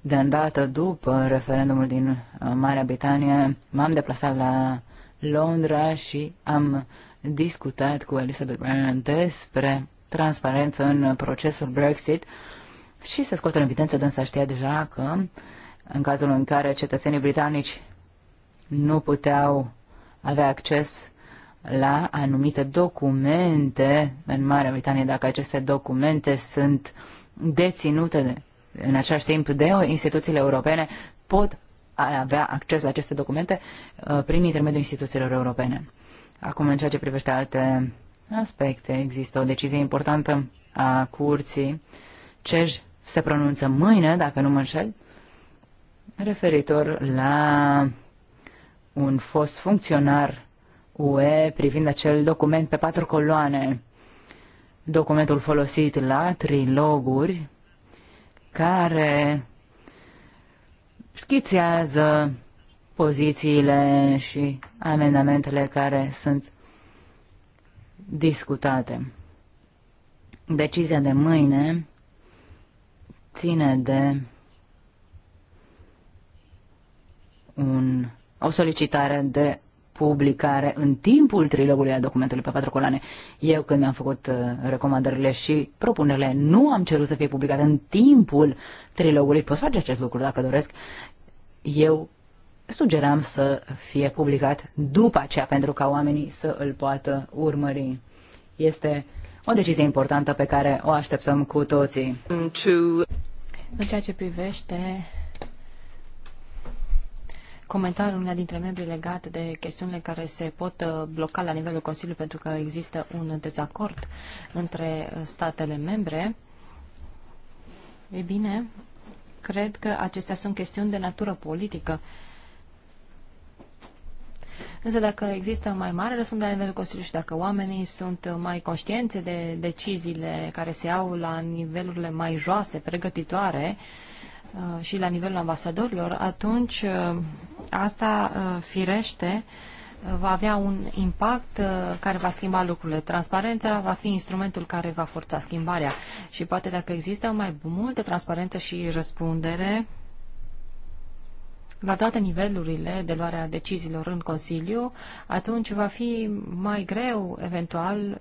De îndată după referendumul din Marea Britanie, m-am deplasat la Londra și am discutat cu Elizabeth Warren despre transparență în procesul Brexit și se scoate în evidență, dânsa știa deja că în cazul în care cetățenii britanici nu puteau avea acces la anumite documente în Marea Britanie, dacă aceste documente sunt deținute de, în același timp de instituțiile europene, pot avea acces la aceste documente uh, prin intermediul instituțiilor europene. Acum, în ceea ce privește alte aspecte, există o decizie importantă a curții. CEJ se pronunță mâine, dacă nu mă înșel, referitor la un fost funcționar UE privind acel document pe patru coloane, documentul folosit la triloguri, care schițează pozițiile și amendamentele care sunt discutate. Decizia de mâine ține de un, o solicitare de publicare în timpul trilogului a documentului pe patru colane. Eu când mi-am făcut uh, recomandările și propunerile, nu am cerut să fie publicate în timpul trilogului. Poți face acest lucru dacă doresc. Eu sugeram să fie publicat după aceea pentru ca oamenii să îl poată urmări. Este o decizie importantă pe care o așteptăm cu toții. În ceea ce privește comentariul unea dintre membrii legat de chestiunile care se pot uh, bloca la nivelul Consiliului pentru că există un dezacord între statele membre. E bine, cred că acestea sunt chestiuni de natură politică. Însă dacă există mai mare răspundere la nivelul Consiliului și dacă oamenii sunt mai conștienți de deciziile care se au la nivelurile mai joase, pregătitoare, uh, Uh, și la nivelul ambasadorilor, atunci uh, asta uh, firește va avea un impact care va schimba lucrurile. Transparența va fi instrumentul care va forța schimbarea și poate dacă există mai multă transparență și răspundere la toate nivelurile de luarea deciziilor în Consiliu, atunci va fi mai greu eventual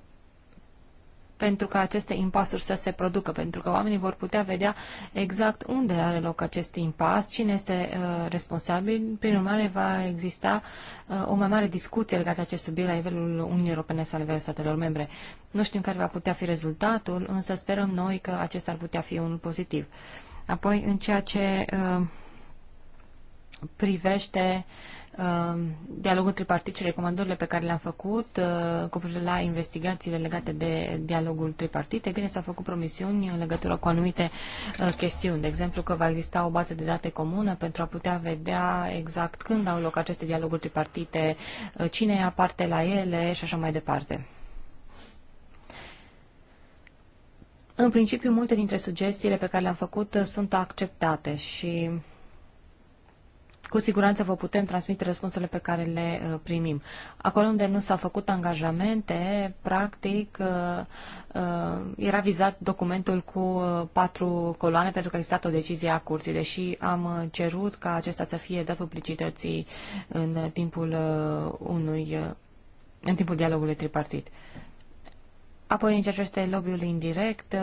pentru ca aceste impasuri să se producă, pentru că oamenii vor putea vedea exact unde are loc acest impas, cine este uh, responsabil. Prin urmare, va exista uh, o mai mare discuție legată acest subiect la nivelul Uniunii Europene sau la nivelul statelor membre. Nu știm care va putea fi rezultatul, însă sperăm noi că acesta ar putea fi unul pozitiv. Apoi, în ceea ce uh, privește uh, Ehm, dialogul tripartit și recomandările pe care le-am făcut eh, cu privire la investigațiile legate de dialogul tripartit, e bine, s-au făcut promisiuni în legătură cu anumite eh, chestiuni. De exemplu, că va exista o bază de date comună pentru a putea vedea exact când au loc aceste dialoguri tripartite, eh, cine ia parte la ele și așa mai departe. În principiu, multe dintre sugestiile pe care le-am făcut sunt acceptate și cu siguranță vă putem transmite răspunsurile pe care le uh, primim. Acolo unde nu s-au făcut angajamente, practic uh, uh, era vizat documentul cu patru coloane pentru că a existat o decizie a curții, deși am cerut ca acesta să fie dat publicității în timpul unui în timpul dialogului tripartit. Apoi, în ce lobby-ul indirect,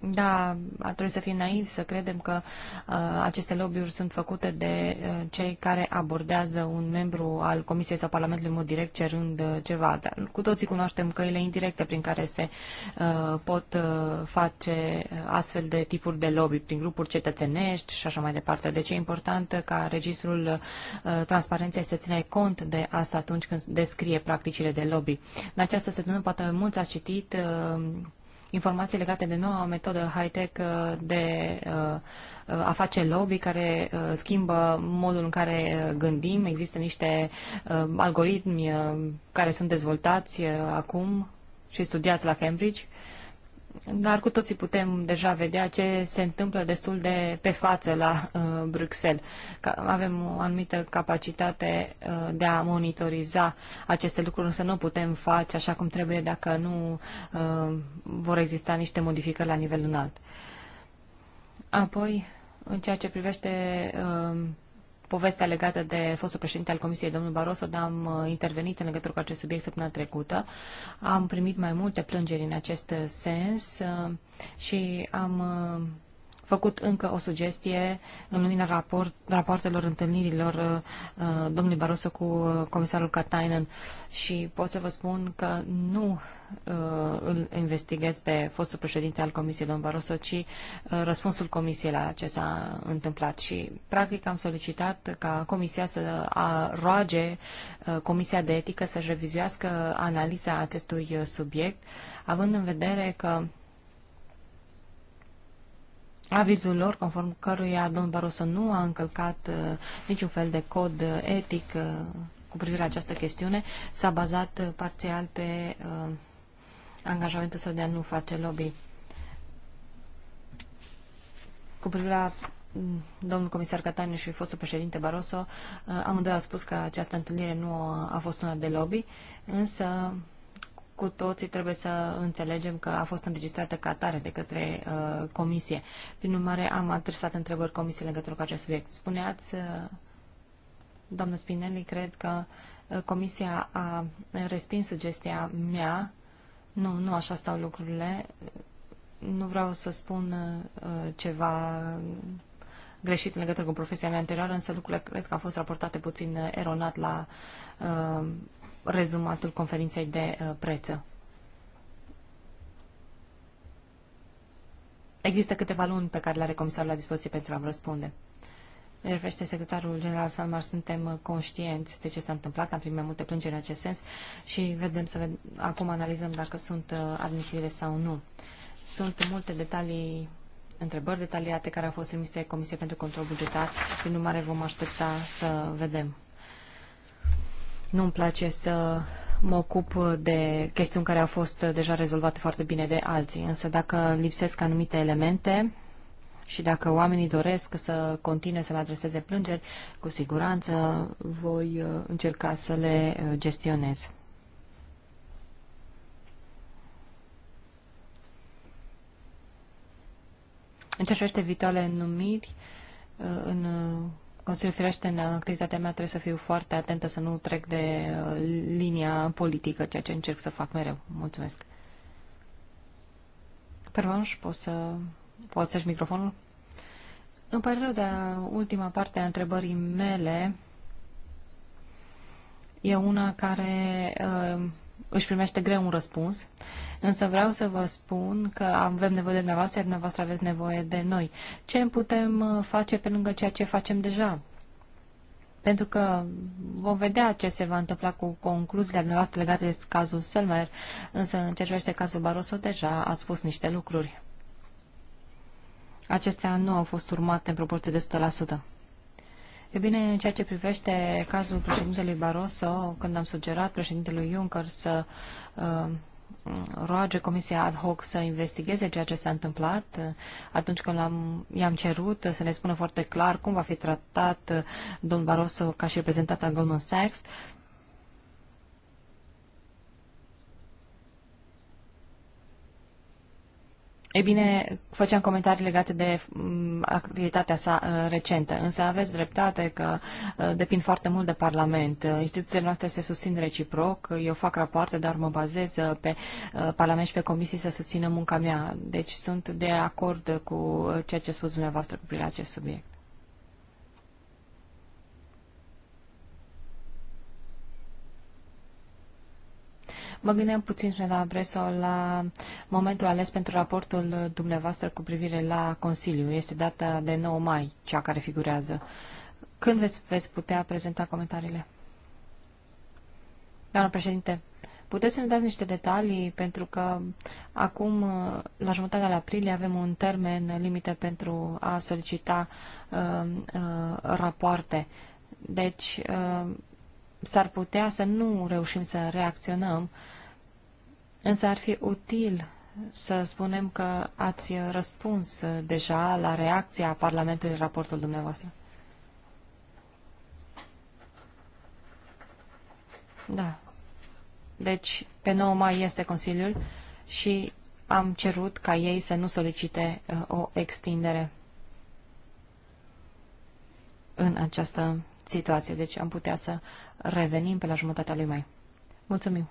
da, ar trebui să fim naivi să credem că uh, aceste lobby-uri sunt făcute de uh, cei care abordează un membru al Comisiei sau Parlamentului în mod direct cerând uh, ceva. Dar cu toții cunoaștem căile indirecte prin care se uh, pot uh, face uh, astfel de tipuri de lobby, prin grupuri cetățenești și așa mai departe. Deci e important ca registrul uh, transparenței să ține cont de asta atunci când descrie practicile de lobby. În această săptămână poate mulți ați citit uh, informații legate de noua metodă high-tech uh, de uh, a face lobby care uh, schimbă modul în care gândim. Există niște algoritmi care sunt dezvoltați acum și studiați la Cambridge dar cu toții putem deja vedea ce se întâmplă destul de pe față la uh, Bruxelles. Ca, avem o anumită capacitate uh, de a monitoriza aceste lucruri, însă nu putem face așa cum trebuie dacă nu uh, vor exista niște modificări la nivel înalt. Apoi, în ceea ce privește uh, povestea legată de fostul președinte al Comisiei, domnul Barroso, dar am uh, intervenit în legătură cu acest subiect săptămâna trecută. Am primit mai multe plângeri în acest sens uh, și am uh, făcut încă o sugestie în lumina raport, rapoartelor întâlnirilor uh, uh, domnului Barroso cu uh, comisarul Katainen și pot să vă spun că nu îl investighez pe fostul președinte al comisiei, domnul Barroso, ci răspunsul comisiei la ce s-a întâmplat și practic am solicitat ca comisia să a roage comisia de etică să-și revizuiască analiza acestui subiect, având în vedere că avizul lor, conform căruia domnul Barroso nu a încălcat uh, niciun fel de cod uh, etic uh, cu privire la această chestiune, s-a bazat parțial pe angajamentul său de a nu face lobby. Cu privire la mm, domnul comisar Cataniu și fostul președinte Barroso, amândoi au spus că această întâlnire nu a fost una de lobby, însă cu toții trebuie să înțelegem că a fost înregistrată ca atare de către uh, comisie. Prin urmare, am adresat întrebări comisiei legătură cu acest subiect. Spuneați, uh, doamnă Spinelli, cred că uh, comisia a respins sugestia mea. Nu, nu așa stau lucrurile. Nu vreau să spun uh, ceva greșit în legătură cu profesia mea anterioară, însă lucrurile cred că au fost raportate puțin uh, eronat la uh, rezumatul conferinței de uh, preță. Există câteva luni pe care le are comisarul la dispoziție pentru a-mi răspunde. Refește secretarul general Salmar, suntem uh, conștienți de ce s-a întâmplat, am primit multe plângeri în acest sens și vedem să ved acum analizăm dacă sunt uh, admisibile sau nu. Sunt multe detalii întrebări detaliate care au fost emise Comisiei pentru Control Bugetar, prin urmare vom aștepta să vedem. Nu-mi place să mă ocup de chestiuni care au fost deja rezolvate foarte bine de alții, însă dacă lipsesc anumite elemente și dacă oamenii doresc să continue să-mi adreseze plângeri, cu siguranță voi uh, încerca să le uh, gestionez. În ce numiri, uh, în Consiliul Firește, în activitatea mea trebuie să fiu foarte atentă să nu trec de uh, linia politică, ceea ce încerc să fac mereu. Mulțumesc. Pervanș, poți să folosești microfonul? Îmi pare rău, dar ultima parte a întrebării mele e una care uh, își primește greu un răspuns. Uh, Însă vreau să vă spun că avem nevoie de dumneavoastră, iar dumneavoastră aveți nevoie de noi. Ce putem uh, face pe lângă ceea ce facem deja? Pentru că vom vedea ce se va întâmpla cu concluziile dumneavoastră legate de cazul Selmer, însă în ce privește cazul Barroso deja ați spus niște lucruri. Acestea nu au fost urmate în proporție de 100%. E bine, în ceea ce privește cazul președintelui Barroso, când am sugerat președintelui Juncker să uh, roage Comisia Ad Hoc să investigheze ceea ce s-a întâmplat uh, atunci când l-am, i-am cerut să ne spună foarte clar cum va fi tratat uh, domnul Barroso ca și reprezentant al Goldman Sachs E bine, făceam comentarii legate de mm, activitatea sa uh, recentă, însă aveți dreptate că uh, depind foarte mult de Parlament. Uh, instituțiile noastre se susțin reciproc, eu fac rapoarte, dar mă bazez pe Parlament și pe comisii să susțină munca mea. Deci sunt de acord cu ceea ce a spus dumneavoastră cu privire la acest subiect. Mă gândeam puțin la Breso la momentul ales pentru raportul dumneavoastră cu privire la Consiliu. Este data de 9 mai, cea care figurează. Când veți, veți putea prezenta comentariile? Doamna președinte, Puteți să ne dați niște detalii, pentru că acum, la jumătatea aprilie, avem un termen limită pentru a solicita uh, uh, rapoarte. Deci, uh, s-ar putea să nu reușim să reacționăm, însă ar fi util să spunem că ați răspuns deja la reacția Parlamentului în raportul dumneavoastră. Da. Deci, pe 9 mai este Consiliul și am cerut ca ei să nu solicite uh, o extindere în această situație. Deci am putea să revenim pe la jumătatea lui mai. Mulțumim!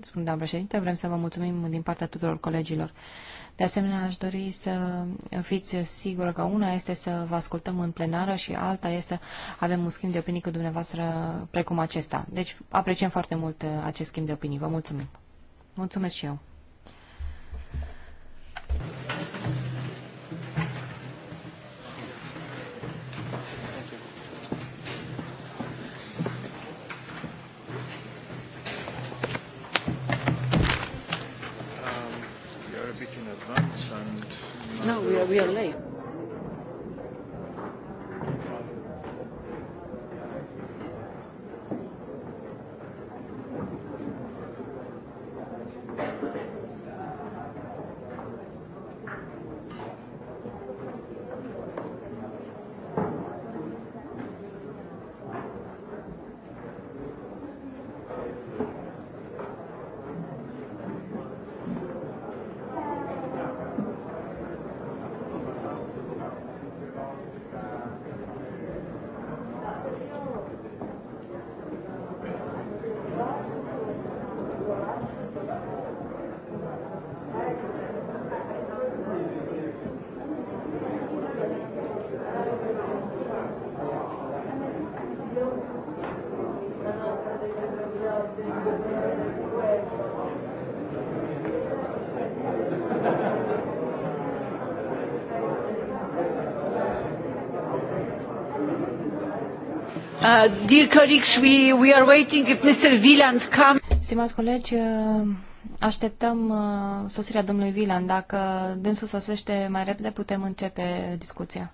Sunt doamna președinte, vrem să vă mulțumim din partea tuturor colegilor. De asemenea, aș dori să fiți sigură că una este să vă ascultăm în plenară și alta este să avem un schimb de opinii cu dumneavoastră precum acesta. Deci apreciem foarte mult uh, acest schimb de opinii. Vă mulțumim. Mulțumesc și eu. and... No, we are, we are late. Uh, dear colleagues, we, we are waiting if Mr. Wieland comes. Stimați colegi, uh, așteptăm uh, sosirea domnului Wieland. Dacă dânsul sosește mai repede, putem începe discuția.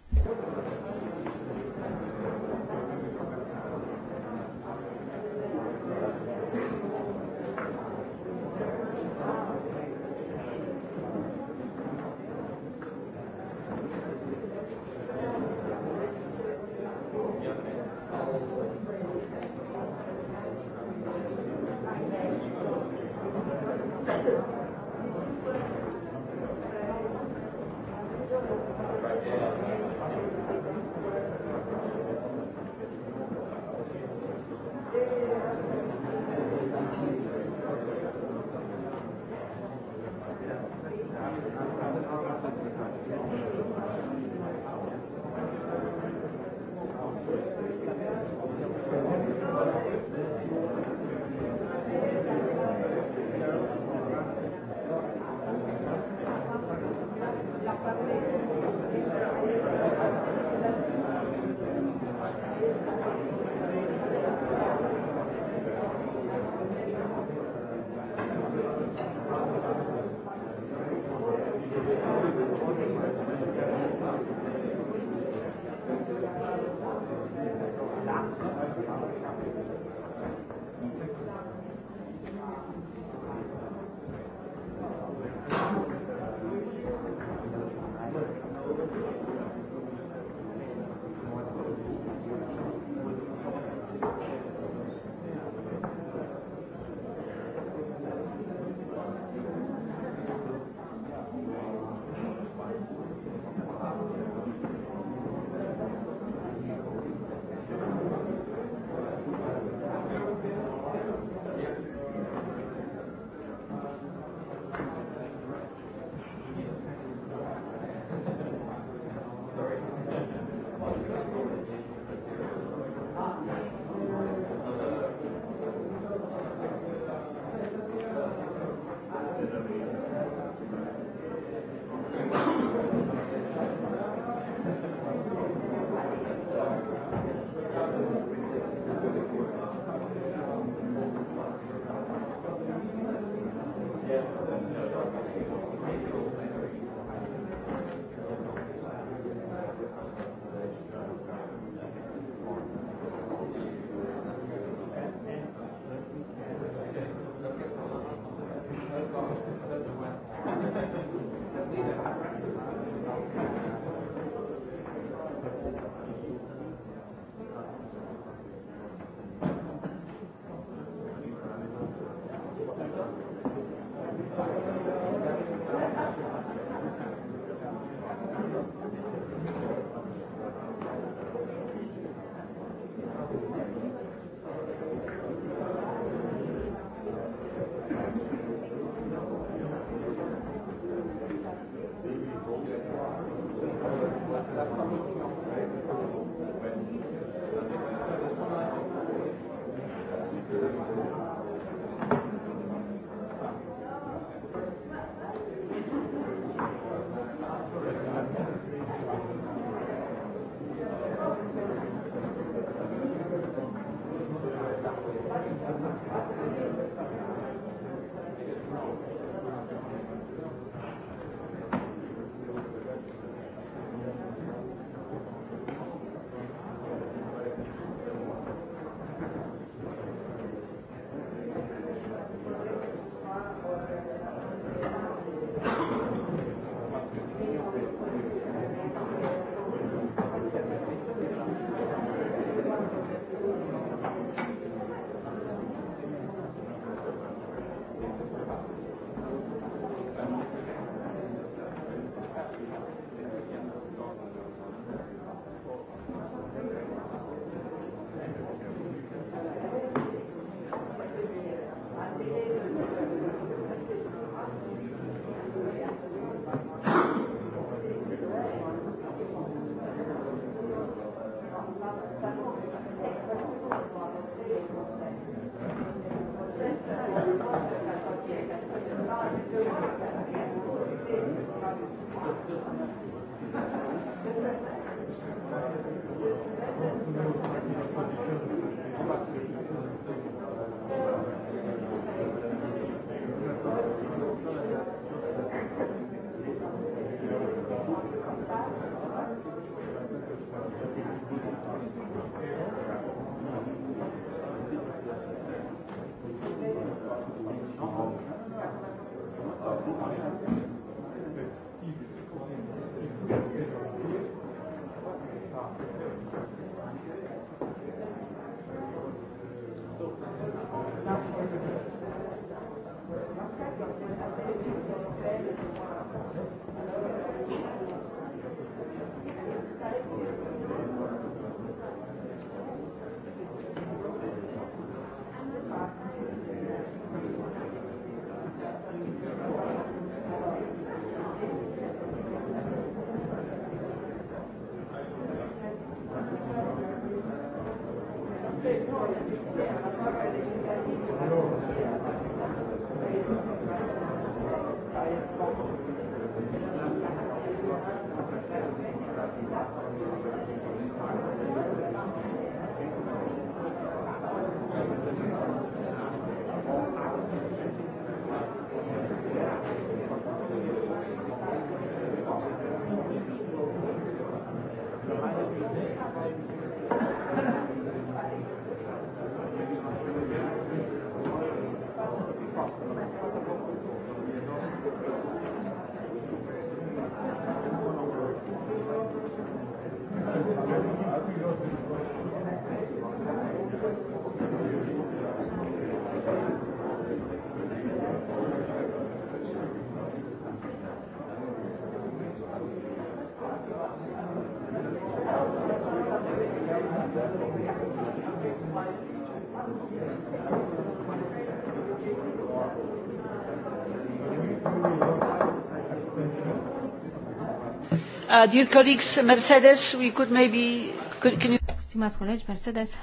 Uh, dear colleagues, Mercedes, we could maybe... Could, can you... Stimați colegi, Mercedes,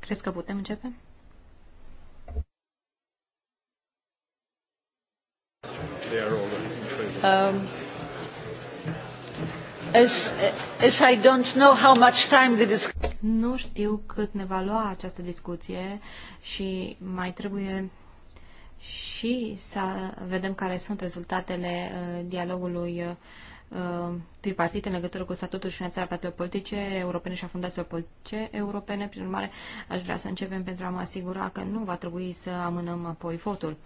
crezi că putem începe? Um, as, as I don't know how much time the discussion... Nu știu cât ne va lua această discuție și mai trebuie și să vedem care sunt rezultatele uh, dialogului uh, tripartit în legătură cu statutul și finanțarea partidelor politice europene și a fundațiilor politice europene. Prin urmare, aș vrea să începem pentru a mă asigura că nu va trebui să amânăm apoi votul.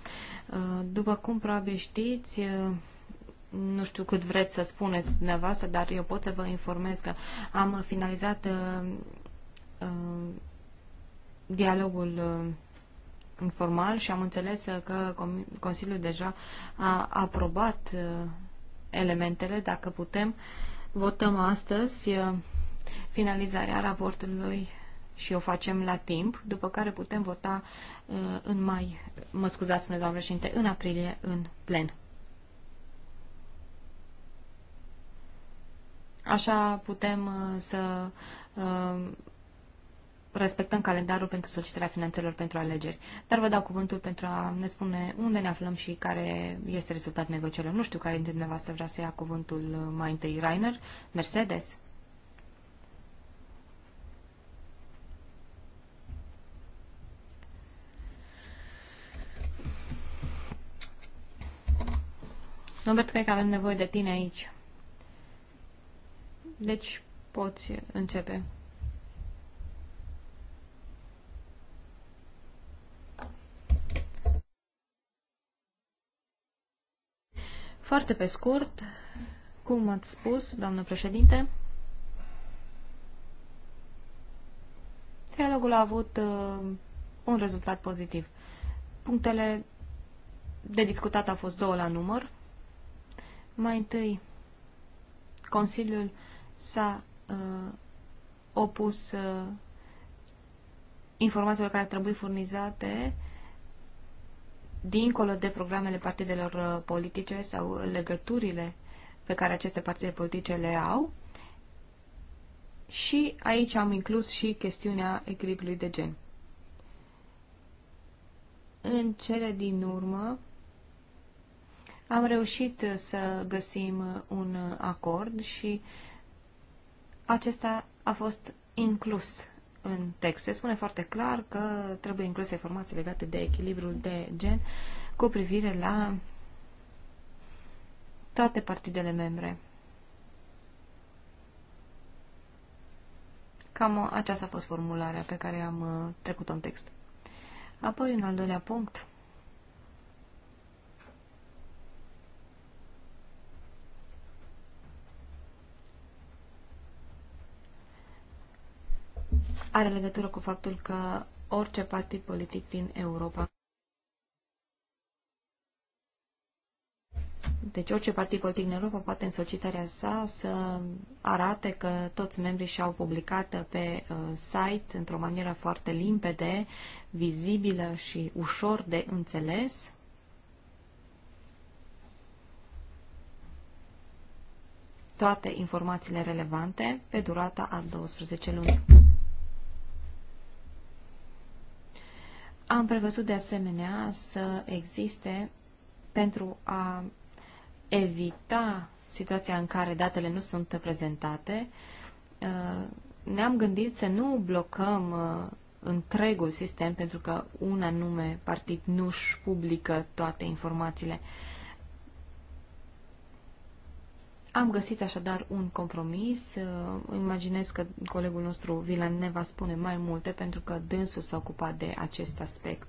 Uh, după cum probabil știți, nu știu cât vreți să spuneți dumneavoastră, dar eu pot să vă informez că am finalizat Uh, dialogul uh, informal și am înțeles uh, că Consiliul deja a aprobat elementele. Dacă putem, votăm astăzi finalizarea raportului și o facem la timp, după care putem vota în mai, mă scuzați, doamnă președinte, în aprilie în plen. Așa putem să respectăm calendarul pentru solicitarea finanțelor pentru alegeri. Dar vă dau cuvântul pentru a ne spune unde ne aflăm și care este rezultatul negocierilor. Nu știu care dintre dumneavoastră vrea să ia cuvântul uh, mai întâi. Rainer? Mercedes? Robert, cred că avem nevoie de tine aici. Deci, poți începe. Foarte pe scurt, cum ați spus, doamnă președinte, trialogul a avut uh, un rezultat pozitiv. Punctele de discutat au fost două la număr. Mai întâi, Consiliul s-a uh, opus uh, informațiilor care trebuie furnizate dincolo de programele partidelor uh, politice sau legăturile pe care aceste partide politice le au. Și aici am inclus și chestiunea echilibrului de gen. În cele din urmă, am reușit uh, să găsim uh, un acord și acesta a fost inclus în text. Se spune foarte clar că trebuie incluse informații legate de echilibrul de gen cu privire la toate partidele membre. Cam aceasta a fost formularea pe care am uh, trecut-o în text. Apoi, un al doilea punct, are legătură cu faptul că orice partid politic din Europa Deci orice partid politic în Europa poate în solicitarea sa să arate că toți membrii și-au publicat pe uh, site într-o manieră foarte limpede, vizibilă și ușor de înțeles toate informațiile relevante pe durata a 12 luni. Am prevăzut de asemenea să existe pentru a evita situația în care datele nu sunt prezentate, uh, ne-am gândit să nu blocăm uh, întregul sistem pentru că un anume partid nu și publică toate informațiile. Am găsit așadar un compromis. Uh, imaginez că colegul nostru Vilan ne va spune mai multe pentru că dânsul s-a ocupat de acest aspect.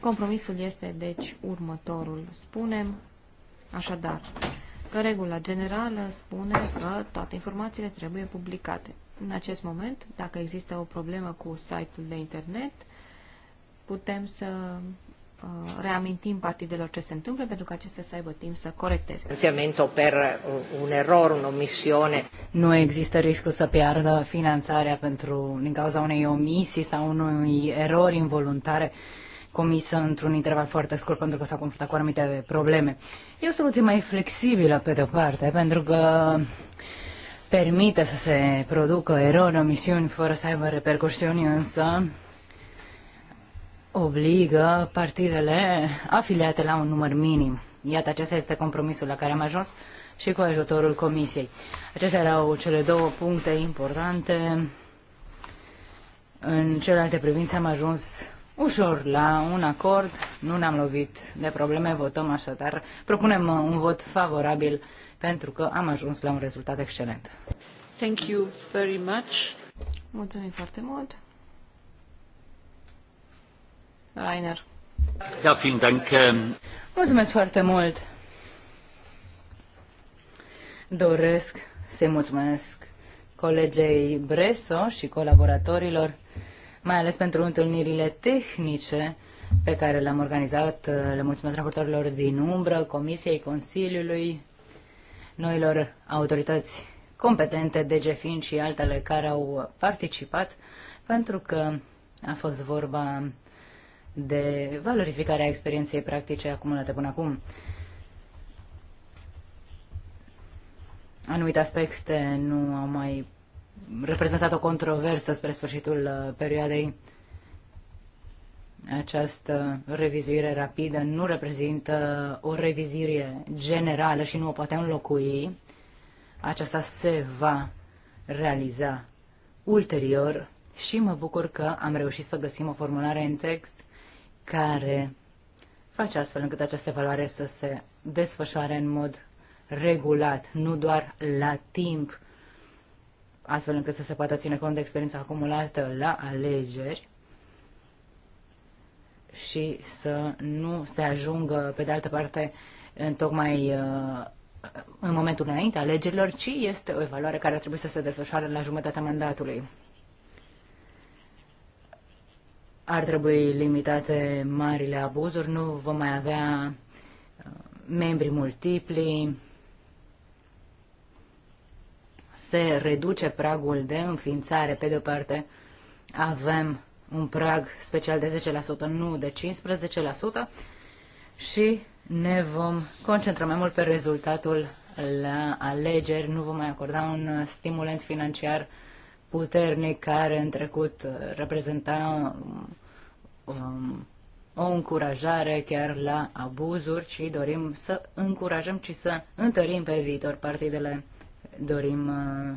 Compromisul este, deci, următorul. Spunem așadar că regula generală spune că toate informațiile trebuie publicate. În acest moment, dacă există o problemă cu site-ul de internet, putem să Uh, reamintim partidelor ce se întâmplă pentru că acestea să aibă timp să corecteze. finanțamentul per un error, omisiune Nu există riscul să piardă finanțarea pentru, din cauza unei omisii sau unui erori involuntare comisă într-un interval foarte scurt pentru că s-a confruntat cu anumite probleme. E o soluție mai flexibilă pe de-o parte pentru că permite să se producă erori, omisiuni fără să aibă repercusiuni, însă obligă partidele afiliate la un număr minim. Iată, acesta este compromisul la care am ajuns și cu ajutorul Comisiei. Acestea erau cele două puncte importante. În celelalte privințe am ajuns ușor la un acord, nu ne-am lovit de probleme, votăm așadar, propunem un vot favorabil pentru că am ajuns la un rezultat excelent. Thank you very much. Mulțumim foarte mult. Rainer. Ja, vielen Dank. Ähm, mulțumesc foarte mult. Doresc să-i mulțumesc colegei Breso și colaboratorilor, mai ales pentru întâlnirile tehnice pe care le-am organizat. Le mulțumesc raportorilor din umbră, Comisiei, Consiliului, noilor autorități competente, DGFIN și altele care au participat, pentru că a fost vorba de valorificare a experienței practice acumulate până acum. Anumite aspecte nu au mai reprezentat o controversă spre sfârșitul uh, perioadei. Această revizuire rapidă nu reprezintă o revizuire generală și nu o poate înlocui. Aceasta se va realiza ulterior și mă bucur că am reușit să găsim o formulare în text care face astfel încât această evaluare să se desfășoare în mod regulat, nu doar la timp, astfel încât să se poată ține cont de experiența acumulată la alegeri și să nu se ajungă, pe de altă parte, în tocmai uh, în momentul înainte alegerilor, ci este o evaluare care trebuie să se desfășoare la jumătatea mandatului ar trebui limitate marile abuzuri, nu vom mai avea uh, membri multipli, se reduce pragul de înființare, pe de-o parte avem un prag special de 10%, nu de 15%, și ne vom concentra mai mult pe rezultatul la alegeri, nu vom mai acorda un uh, stimulent financiar uh, puternic care în trecut uh, reprezenta um, um, o încurajare chiar la abuzuri, ci dorim să încurajăm, ci să întărim pe viitor partidele. Dorim uh,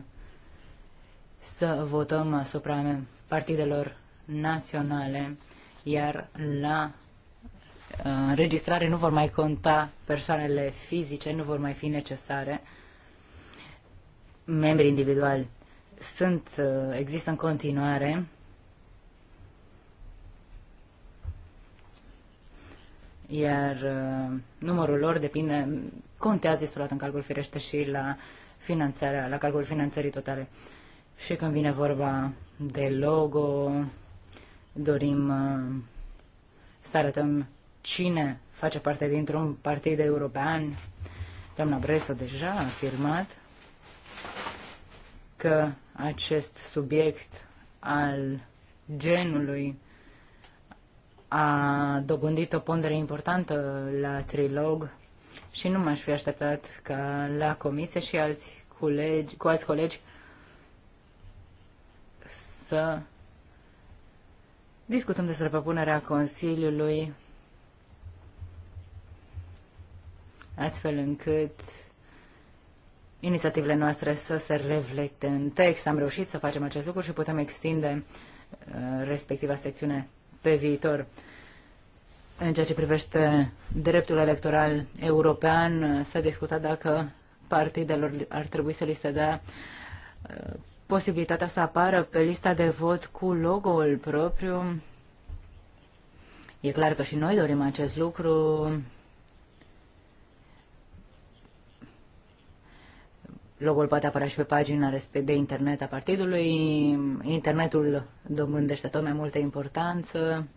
să votăm asupra partidelor naționale, iar la uh, înregistrare nu vor mai conta persoanele fizice, nu vor mai fi necesare membri individuali sunt, uh, există în continuare iar uh, numărul lor depinde, contează, este luat în calcul firește și la finanțarea, la calculul finanțării totale. Și când vine vorba de logo, dorim uh, să arătăm cine face parte dintr-un partid european. Doamna Breso deja a afirmat că acest subiect al genului a dobândit o pondere importantă la trilog și nu m-aș fi așteptat ca la comisie și alți colegi, cu alți colegi să discutăm despre propunerea Consiliului astfel încât inițiativele noastre să se reflecte în text. Am reușit să facem acest lucru și putem extinde uh, respectiva secțiune pe viitor. În ceea ce privește dreptul electoral european, uh, s-a discutat dacă partidelor ar trebui să li se dea uh, posibilitatea să apară pe lista de vot cu logo-ul propriu. E clar că și noi dorim acest lucru. Logo-ul poate apărea și pe pagina de internet a partidului. Internetul domândește tot mai multă importanță.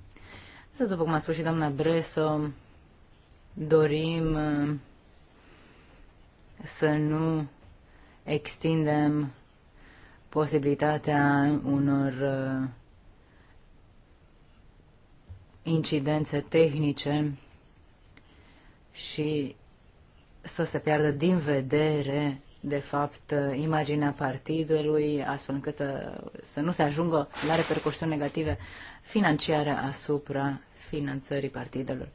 Să după cum a spus și doamna Breso, dorim uh, să nu extindem posibilitatea unor uh, incidențe tehnice și să se piardă din vedere de fapt, imaginea partidului, astfel încât uh, să nu se ajungă la repercursiuni negative financiare asupra finanțării partidelor.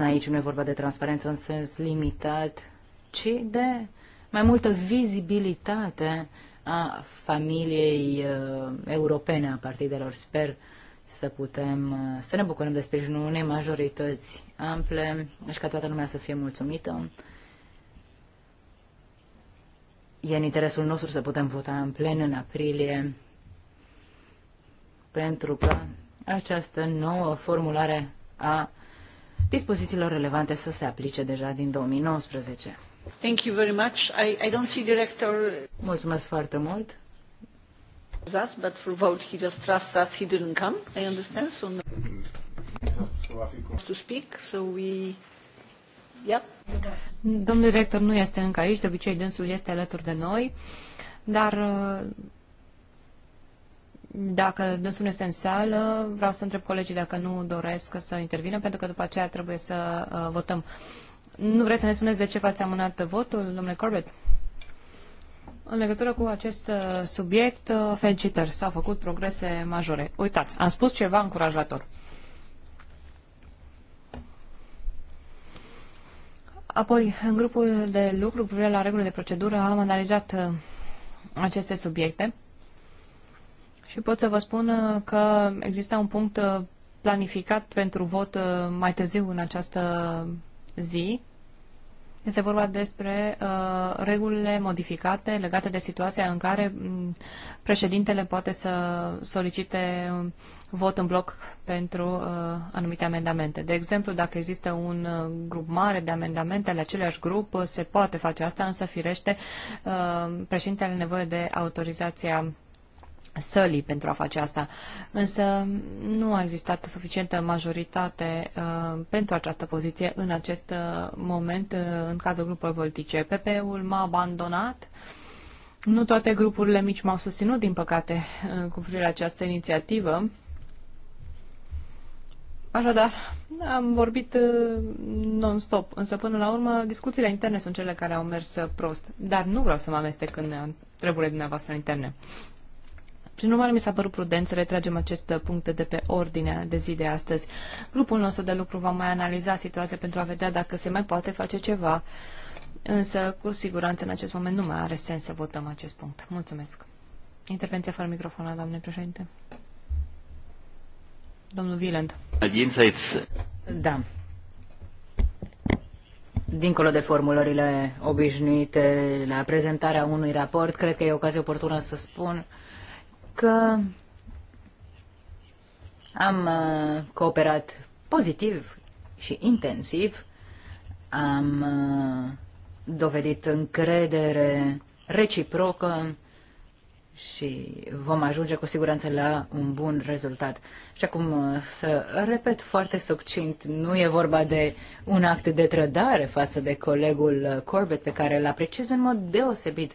Aici nu e vorba de transparență în sens limitat, ci de mai multă vizibilitate a familiei uh, europene a partidelor. Sper să putem uh, să ne bucurăm de sprijinul unei majorități ample și deci ca toată lumea să fie mulțumită e în interesul nostru să putem vota în plen în aprilie, pentru că această nouă formulare a dispozițiilor relevante să se aplice deja din 2019. Thank you very much. I, I don't see director... Mulțumesc foarte mult. Us, but for vote he just trusts us, he didn't come, I understand, so no. to speak, so we... Yep. Domnul director nu este încă aici, de obicei dânsul este alături de noi, dar uh, dacă dânsul este în sală, vreau să întreb colegii dacă nu doresc să intervină, pentru că după aceea trebuie să uh, votăm. Nu vreți să ne spuneți de ce v-ați amânat votul, domnule Corbett? În legătură cu acest uh, subiect, felicitări, s-au făcut progrese majore. Uitați, am spus ceva încurajator. Apoi, în grupul de lucru privire la regulile de procedură am analizat uh, aceste subiecte și pot să vă spun uh, că exista un punct uh, planificat pentru vot mai târziu în această zi, este vorba despre uh, regulile modificate legate de situația în care um, președintele poate să solicite um, vot în bloc pentru uh, anumite amendamente. De exemplu, dacă există un uh, grup mare de amendamente ale același grup, uh, se poate face asta, însă firește uh, președintele are nevoie de autorizația sălii pentru a face asta. Însă nu a existat suficientă majoritate uh, pentru această poziție în acest uh, moment uh, în cadrul grupului politice. PP-ul m-a abandonat. Nu toate grupurile mici m-au susținut, din păcate, uh, cu privire la această inițiativă. Așadar, am vorbit uh, non-stop, însă până la urmă discuțiile interne sunt cele care au mers uh, prost. Dar nu vreau să mă amestec în uh, treburile dumneavoastră interne. Prin urmare, mi s-a părut prudent să retragem acest punct de pe ordinea de zi de astăzi. Grupul nostru de lucru va mai analiza situația pentru a vedea dacă se mai poate face ceva, însă cu siguranță în acest moment nu mai are sens să votăm acest punct. Mulțumesc. Intervenția fără microfon la doamne președinte. Domnul Wieland. Da. Dincolo de formulările obișnuite la prezentarea unui raport, cred că e ocazie oportună să spun că am uh, cooperat pozitiv și intensiv, am uh, dovedit încredere reciprocă și vom ajunge cu siguranță la un bun rezultat. Și acum uh, să repet foarte succint, nu e vorba de un act de trădare față de colegul Corbett pe care îl apreciez în mod deosebit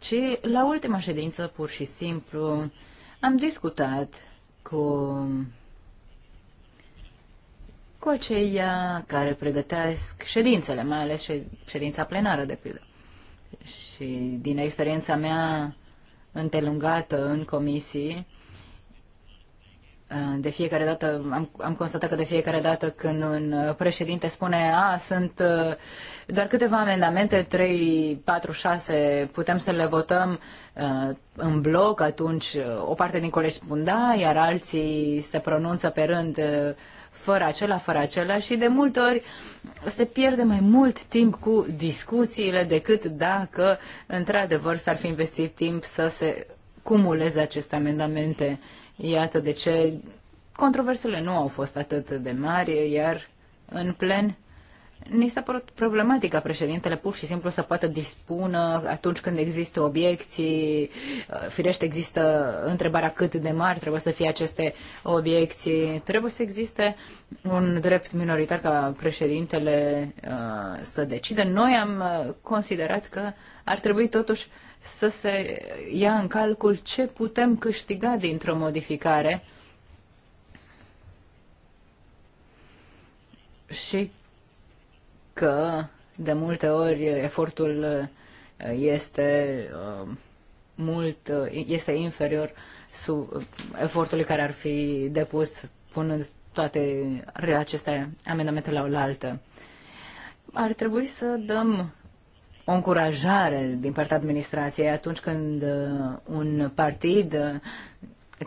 ci la ultima ședință, pur și simplu, am discutat cu, cu aceia uh, care pregătesc ședințele, mai ales ședința plenară, de pildă. Și din experiența mea întelungată în comisii, uh, de fiecare dată, am, am constatat că de fiecare dată când un uh, președinte spune, a, sunt doar câteva amendamente, 3, 4, 6, putem să le votăm uh, în bloc, atunci uh, o parte din colegi spun da, iar alții se pronunță pe rând uh, fără acela, fără acela și de multe ori se pierde mai mult timp cu discuțiile decât dacă într-adevăr s-ar fi investit timp să se cumuleze aceste amendamente. Iată de ce controversele nu au fost atât de mari, iar în plen Ni s-a părut problematic ca președintele pur și simplu să poată dispună atunci când există obiecții, uh, firește există întrebarea cât de mari trebuie să fie aceste obiecții, trebuie să existe un drept minoritar ca președintele uh, să decide. Noi am uh, considerat că ar trebui totuși să se ia în calcul ce putem câștiga dintr-o modificare și că de multe ori efortul este uh, mult, uh, este inferior sub efortului care ar fi depus punând toate aceste amendamente la oaltă. Ar trebui să dăm o încurajare din partea administrației atunci când uh, un partid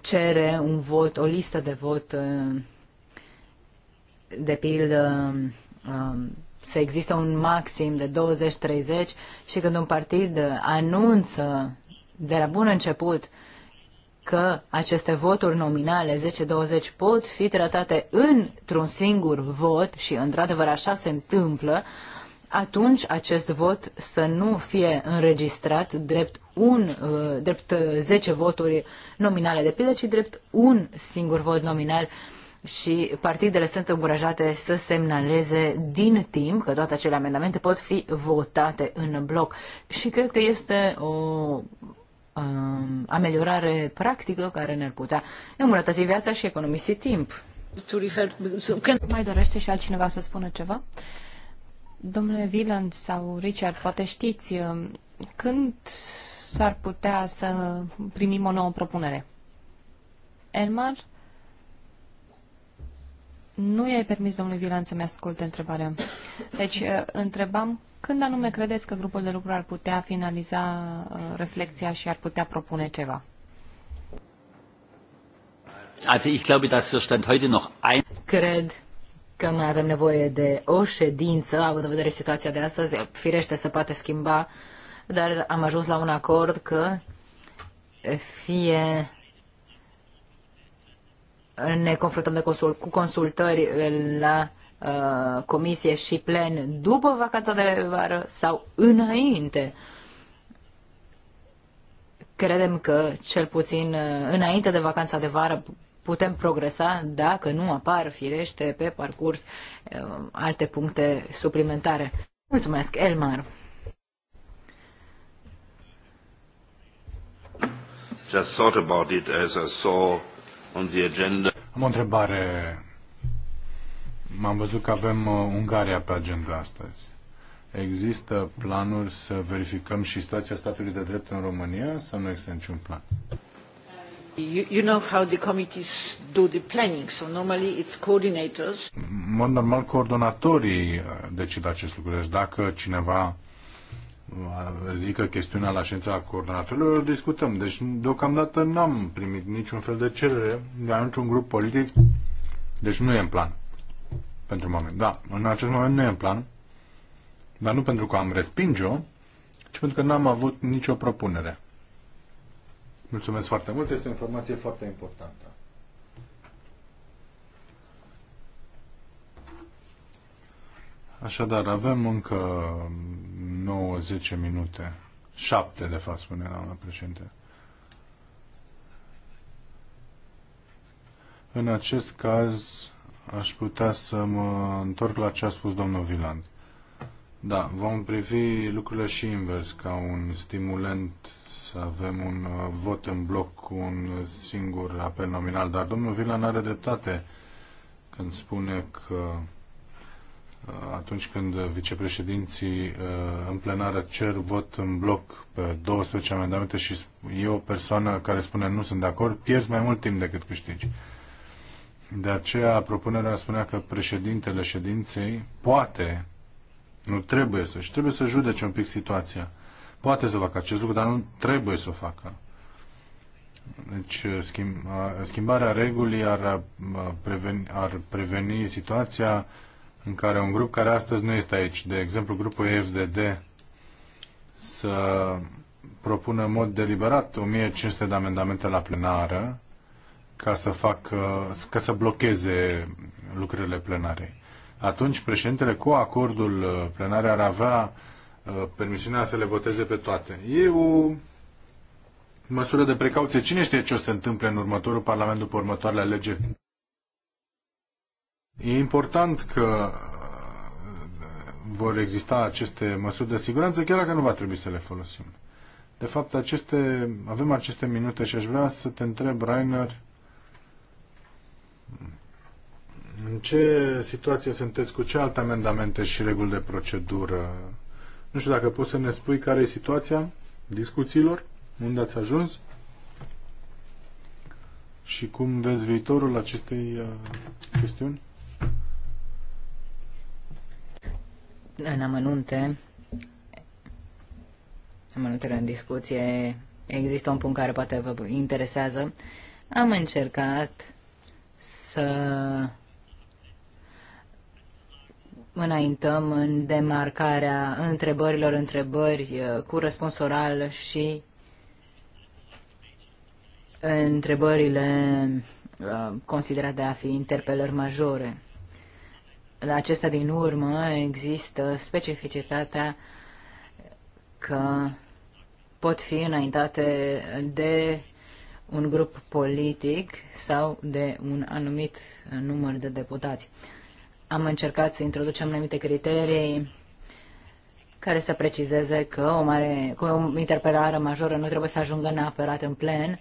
cere un vot, o listă de vot, de pildă, să există un maxim de 20-30 și când un partid anunță de la bun început că aceste voturi nominale 10-20 pot fi tratate într-un singur vot și într-adevăr așa se întâmplă, atunci acest vot să nu fie înregistrat drept un, drept 10 voturi nominale de pildă, ci drept un singur vot nominal și partidele sunt încurajate să semnaleze din timp că toate acele amendamente pot fi votate în bloc. Și cred că este o um, ameliorare practică care ne-ar putea îmbunătăți viața și economisi timp. Mai dorește și altcineva să spună ceva? Domnule Wieland sau Richard, poate știți um, când s-ar putea să primim o nouă propunere? Elmar? Nu e permis domnului Vilan să-mi asculte întrebarea. Deci, uh, întrebam când anume credeți că grupul de lucru ar putea finaliza uh, reflexia și ar putea propune ceva? Cred că mai avem nevoie de o ședință, având în vedere situația de astăzi, firește se poate schimba, dar am ajuns la un acord că fie ne confruntăm de consult, cu consultări la uh, comisie și plen după vacanța de vară sau înainte. Credem că, cel puțin uh, înainte de vacanța de vară, putem progresa dacă nu apar, firește, pe parcurs uh, alte puncte suplimentare. Mulțumesc, Elmar! Just thought about it as I saw on the agenda. Am o întrebare. M-am văzut că avem uh, Ungaria pe agenda astăzi. Există planuri să verificăm și situația statului de drept în România sau nu există niciun plan? You, you know how the committees do the planning, so normally it's coordinators. În mod normal, coordonatorii uh, decid acest lucru. Deci dacă cineva adică chestiunea la ședința coordonatorilor, discutăm. Deci, deocamdată n-am primit niciun fel de cerere de niciun grup politic, deci nu e în plan. Pentru moment, da, în acest moment nu e în plan, dar nu pentru că am respinge-o, ci pentru că n-am avut nicio propunere. Mulțumesc foarte mult, este o informație foarte importantă. Așadar, avem încă 9-10 minute. 7, de fapt, spune doamna președinte. În acest caz, aș putea să mă întorc la ce a spus domnul Viland. Da, vom privi lucrurile și invers, ca un stimulent să avem un uh, vot în bloc cu un singur apel nominal, dar domnul Vilan are dreptate când spune că atunci când vicepreședinții uh, în plenară cer vot în bloc pe 12 amendamente și e o persoană care spune nu sunt de acord, pierzi mai mult timp decât câștigi. De aceea propunerea spunea că președintele ședinței poate, nu trebuie să, și trebuie să judece un pic situația. Poate să facă acest lucru, dar nu trebuie să o facă. Deci uh, uh, schimbarea regulii ar preveni, ar preveni situația în care un grup care astăzi nu este aici, de exemplu grupul FDD, să propună în mod deliberat 1500 de amendamente la plenară ca să, fac, ca să blocheze lucrurile plenarei. Atunci președintele cu acordul uh, plenarei ar avea uh, permisiunea să le voteze pe toate. E o măsură de precauție. Cine știe ce o să întâmple în următorul Parlament după următoarele alegeri E important că uh, vor exista aceste măsuri de siguranță, chiar dacă nu va trebui să le folosim. De fapt, aceste, avem aceste minute și aș vrea să te întreb, Rainer, în ce situație sunteți cu ce alte amendamente și reguli de procedură? Nu știu dacă poți să ne spui care e situația discuțiilor, unde ați ajuns și cum vezi viitorul acestei uh, chestiuni? În amănunte, amănuntele în discuție, există un punct care poate vă interesează. Am încercat să înaintăm în demarcarea întrebărilor întrebări uh, cu răspuns oral și întrebările uh, considerate a fi interpelări majore la acesta din urmă există specificitatea că pot fi înaintate de un grup politic sau de un anumit număr de deputați. Am încercat să introducem anumite criterii care să precizeze că o, mare, că o interpelare majoră nu trebuie să ajungă neapărat în plen,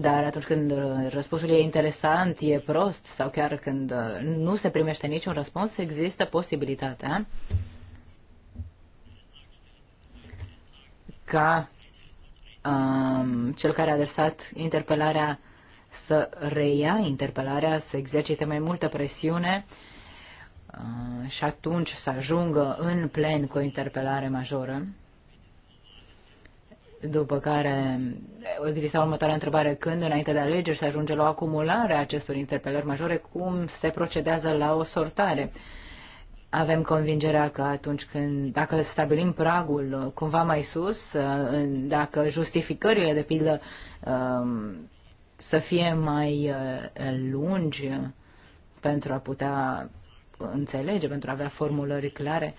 dar atunci când uh, răspunsul e interesant, e prost sau chiar când uh, nu se primește niciun răspuns, există posibilitatea ca um, cel care a adresat interpelarea să reia interpelarea, să exercite mai multă presiune uh, și atunci să ajungă în plen cu o interpelare majoră. După care exista următoarea întrebare, când înainte de alegeri se ajunge la o acumulare a acestor interpelări majore, cum se procedează la o sortare? Avem convingerea că atunci când, dacă stabilim pragul uh, cumva mai sus, uh, dacă justificările, de pildă, um, să fie mai uh, lungi pentru a putea înțelege, pentru a avea formulări clare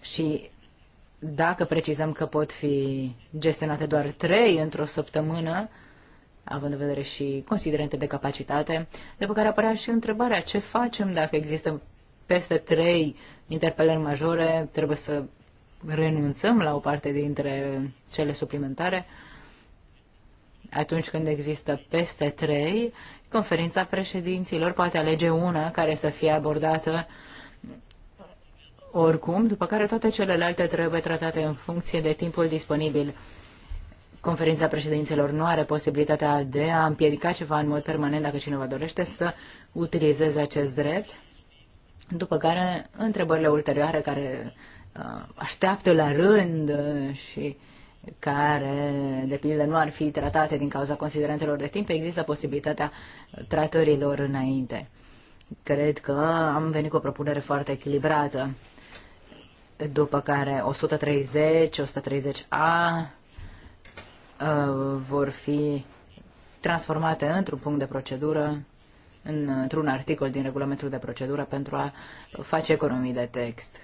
și dacă precizăm că pot fi gestionate doar trei într-o săptămână, având în vedere și considerente de capacitate, după care apărea și întrebarea ce facem dacă există peste trei interpelări majore, trebuie să renunțăm la o parte dintre cele suplimentare. Atunci când există peste trei, conferința președinților poate alege una care să fie abordată oricum, după care toate celelalte trebuie tratate în funcție de timpul disponibil. Conferința președinților nu are posibilitatea de a împiedica ceva în mod permanent dacă cineva dorește să utilizeze acest drept. După care, întrebările ulterioare care uh, așteaptă la rând și care, de pildă, nu ar fi tratate din cauza considerentelor de timp, există posibilitatea tratărilor înainte. Cred că am venit cu o propunere foarte echilibrată după care 130, 130A uh, vor fi transformate într-un punct de procedură, într-un articol din regulamentul de procedură pentru a face economii de text.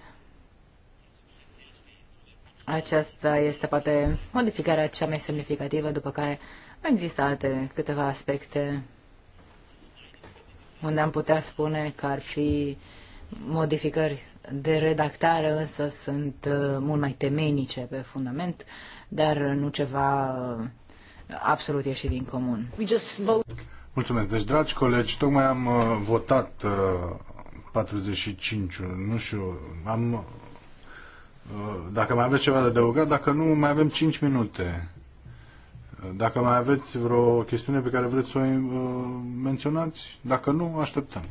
Aceasta este poate modificarea cea mai semnificativă, după care există alte câteva aspecte unde am putea spune că ar fi modificări de redactare însă sunt uh, mult mai temenice pe fundament, dar nu ceva uh, absolut ieșit din comun. Mulțumesc. Deci, dragi colegi, tocmai am uh, votat 45 nu știu, am dacă mai aveți ceva de adăugat, dacă nu, mai avem 5 minute. Dacă mai aveți vreo chestiune pe care vreți să o menționați, dacă nu, așteptăm.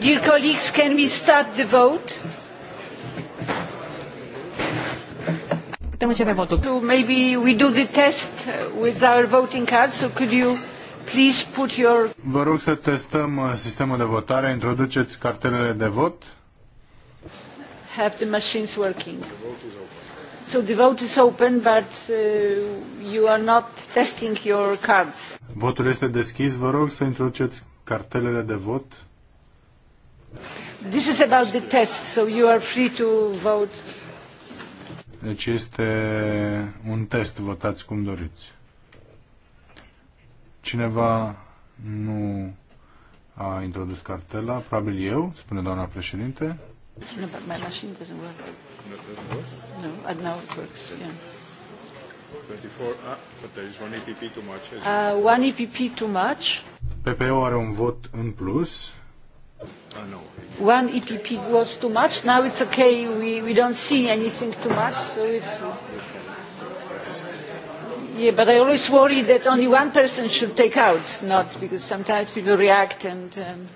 dear colleagues, can we start the vote? Putem începe votul. So maybe we do the test with our voting card, so could you please put your... Vă rog să testăm uh, sistemul de votare. Introduceți cartelele de vot. Have the machines working. So the vote is open, but uh, you are not testing your cards. Votul este deschis. Vă rog să introduceți cartelele de vot. This is about the test, so you are free to vote. Deci este un test, votați cum doriți. Cineva nu a introdus cartela, probabil eu, spune doamna președinte. No, but my machine doesn't work. No, doesn't work? No, and now it works, yeah. 24, ah, but there is one EPP too much. Uh, one EPP too much. PPO are un vot în plus. One EPP was too much. Now it's okay. We, we don't see anything too much. So if, yeah, but I always worry that only one person should take out, not because sometimes people react and. Um,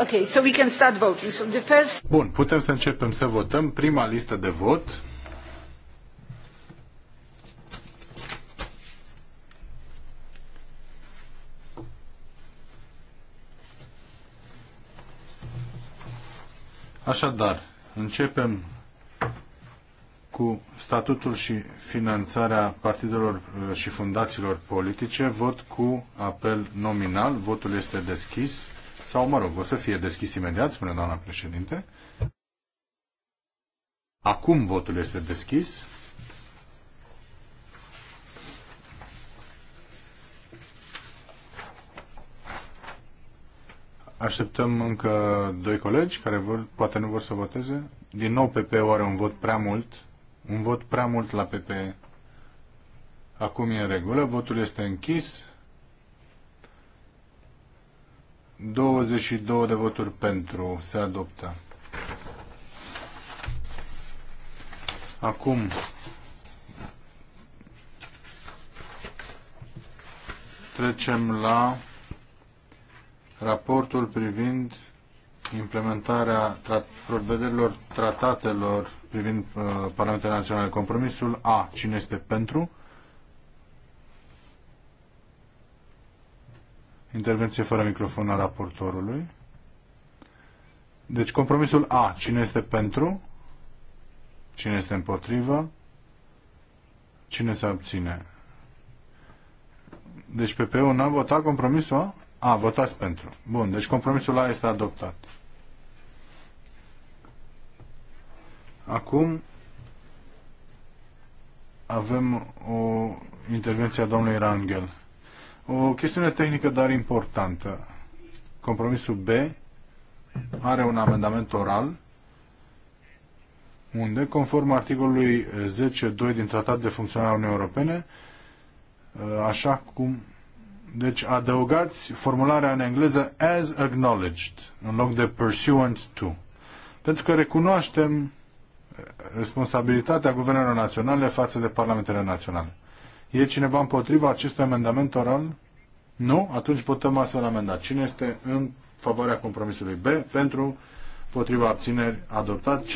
okay, so we can start voting. So the first. Bun, putem să începem să votăm. Prima listă de vot. Așadar, începem cu statutul și finanțarea partidelor uh, și fundațiilor politice. Vot cu apel nominal. Votul este deschis. Sau, mă rog, o să fie deschis imediat, spune doamna președinte. Acum votul este deschis. Așteptăm încă doi colegi care vor, poate nu vor să voteze. Din nou PP are un vot prea mult. Un vot prea mult la PP. Acum e în regulă. Votul este închis. 22 de voturi pentru. Se adoptă. Acum trecem la raportul privind implementarea tra prevederilor tratatelor privind uh, Parlamentul Național, Compromisul A. Cine este pentru? Intervenție fără microfon a raportorului. Deci compromisul A. Cine este pentru? Cine este împotrivă? Cine se abține? Deci PP-ul n-a votat compromisul A? A, votați pentru. Bun, deci compromisul A este adoptat. Acum avem o intervenție a domnului Rangel. O chestiune tehnică, dar importantă. Compromisul B are un amendament oral unde, conform articolului 10.2 din Tratat de Funcționare a Uniunii Europene, așa cum deci adăugați formularea în engleză as acknowledged în loc de pursuant to. Pentru că recunoaștem responsabilitatea guvernelor naționale față de parlamentele naționale. E cineva împotriva acestui amendament oral? Nu? Atunci votăm astfel amendat. Cine este în favoarea compromisului B? Pentru, împotriva abțineri, adoptat. C?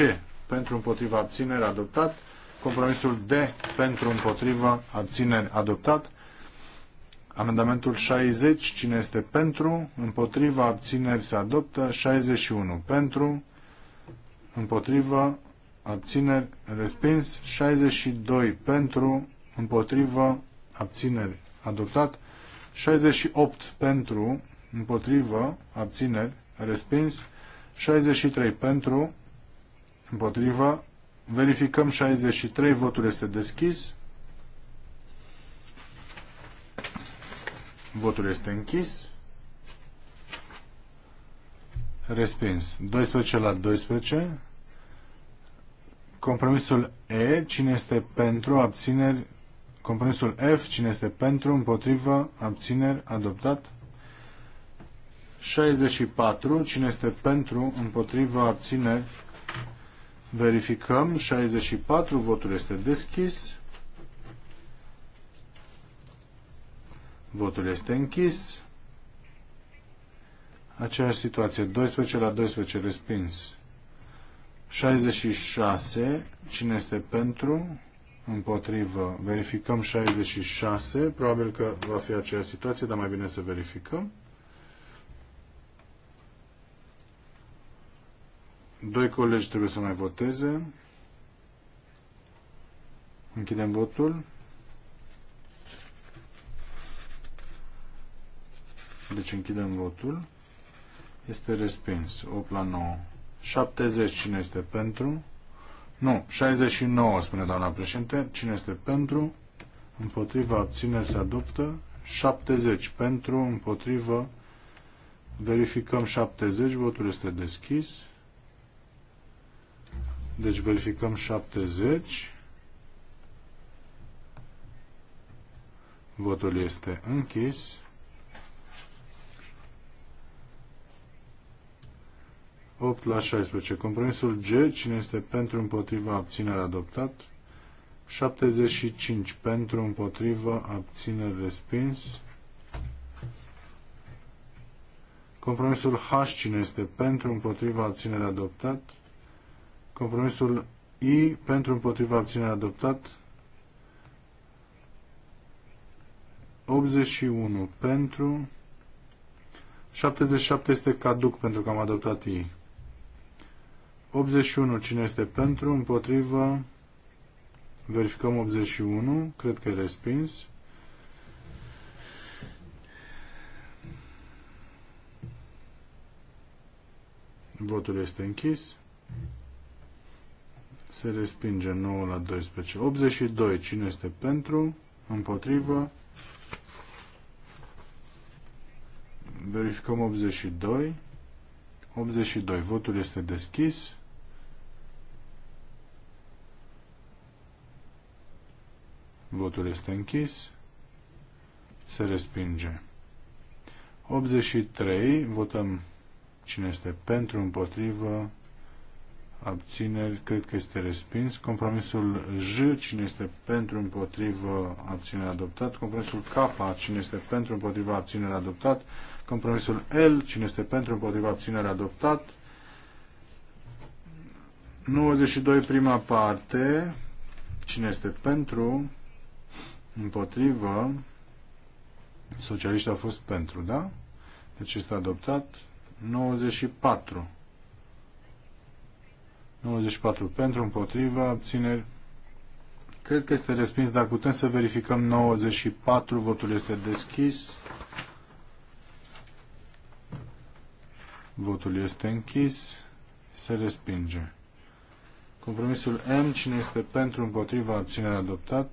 Pentru, împotriva abțineri, adoptat. Compromisul D? Pentru, împotriva abțineri, adoptat. Amendamentul 60, cine este pentru, împotriva, abțineri se adoptă, 61 pentru, împotriva, abțineri, respins, 62 pentru, împotriva, abțineri, adoptat, 68 pentru, împotriva, abțineri, respins, 63 pentru, împotriva, verificăm 63, votul este deschis, Votul este închis. Respins. 12 la 12. Compromisul E, cine este pentru, abțineri. Compromisul F, cine este pentru, împotrivă, abțineri, adoptat. 64, cine este pentru, împotrivă, abțineri. Verificăm. 64, votul este deschis. Votul este închis. Aceeași situație. 12 la 12 respins. 66. Cine este pentru? Împotrivă. Verificăm 66. Probabil că va fi aceeași situație, dar mai bine să verificăm. 2 colegi trebuie să mai voteze. Închidem votul. Deci închidem votul. Este respins. 8 la 9. 70 cine este pentru? Nu, 69 spune doamna președinte. Cine este pentru? Împotriva abțineri se adoptă. 70 pentru, împotrivă. Verificăm 70, votul este deschis. Deci verificăm 70. Votul este închis. 8 la 16. Compromisul G, cine este pentru, împotriva, abținere, adoptat. 75 pentru, împotriva, abținere, respins. Compromisul H, cine este pentru, împotriva, abținere, adoptat. Compromisul I, pentru, împotriva, abținere, adoptat. 81 pentru. 77 este caduc pentru că am adoptat I. 81. Cine este pentru? Împotrivă. Verificăm 81. Cred că e respins. Votul este închis. Se respinge 9 la 12. 82. Cine este pentru? Împotrivă. Verificăm 82. 82. Votul este deschis. Votul este închis. Se respinge. 83. Votăm cine este pentru, împotrivă, abțineri. Cred că este respins. Compromisul J. Cine este pentru, împotrivă, abținere adoptat. Compromisul K. Cine este pentru, împotrivă, abținere adoptat. Compromisul L. Cine este pentru, împotrivă, abținere adoptat. 92 prima parte. Cine este pentru, împotrivă, socialiștii au fost pentru, da? Deci este adoptat 94. 94 pentru, împotrivă, abțineri. Cred că este respins, dar putem să verificăm 94, votul este deschis. Votul este închis. Se respinge. Compromisul M. Cine este pentru, împotriva, abținere adoptat.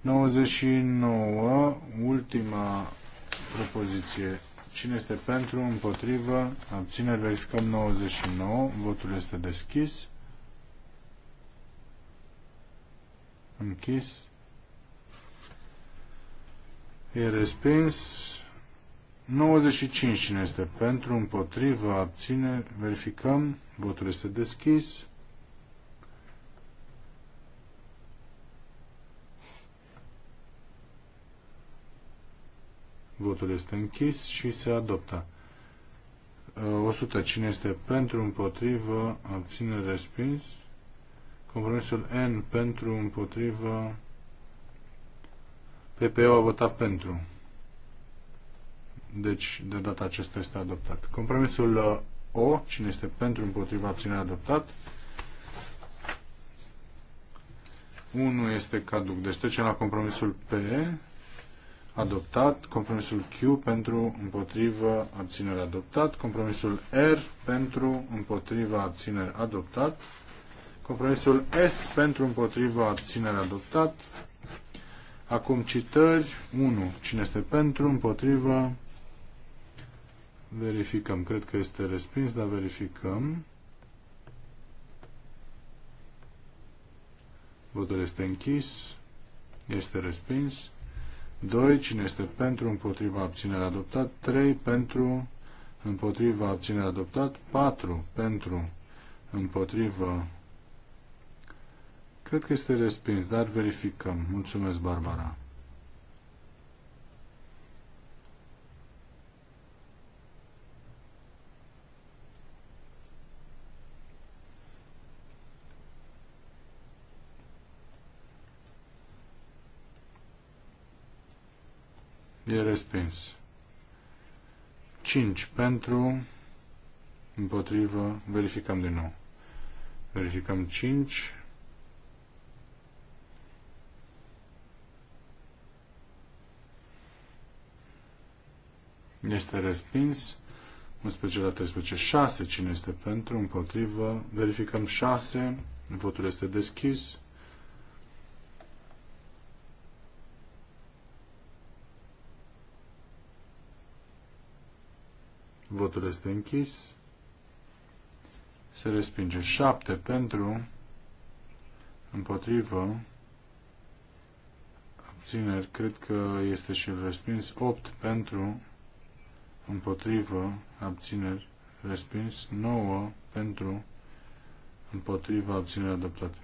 99, ultima propoziție. Cine este pentru, împotrivă, abțineri, verificăm 99, votul este deschis. Închis. E respins. 95 cine este pentru, împotrivă, abține, verificăm, votul este deschis. Votul este închis și se adoptă. 100. Uh, cine este pentru, împotrivă, abține, respins. Compromisul N pentru, împotrivă. PPO a votat pentru. Deci, de data aceasta este adoptat. Compromisul uh, O, cine este pentru, împotriva, abține, adoptat. 1 este caduc. Deci trecem la compromisul P adoptat, compromisul Q pentru împotrivă abținere adoptat, compromisul R pentru împotrivă abținere adoptat, compromisul S pentru împotrivă abținere adoptat. Acum citări 1. Cine este pentru, împotrivă? Verificăm. Cred că este respins, dar verificăm. Votul este închis. Este respins. 2. Cine este pentru, împotriva, abținere adoptat. 3. Pentru, împotriva, abținere adoptat. 4. Pentru, împotriva, Cred că este respins, dar verificăm. Mulțumesc, Barbara. E respins. 5 pentru, împotrivă, verificăm din nou. Verificăm 5. Este respins. 11 la 13. 6. Cine este pentru? Împotrivă. Verificăm 6. Votul este deschis. Votul este închis. Se respinge 7 pentru, împotrivă, abțineri, cred că este și respins, 8 pentru, împotrivă, abțineri, respins, 9 pentru, împotriva abțineri, adoptat.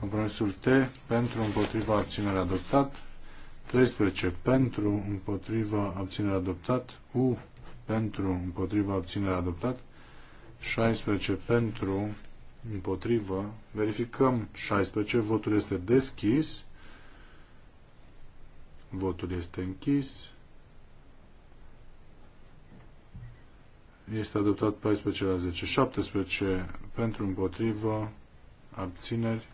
Compromisul T pentru împotriva abțineri, adoptat. 13 pentru împotriva abțineri, adoptat. U pentru, împotriva, abținere adoptat. 16 pentru, împotrivă. Verificăm 16. Votul este deschis. Votul este închis. Este adoptat 14 la 10. 17 pentru împotrivă, abțineri.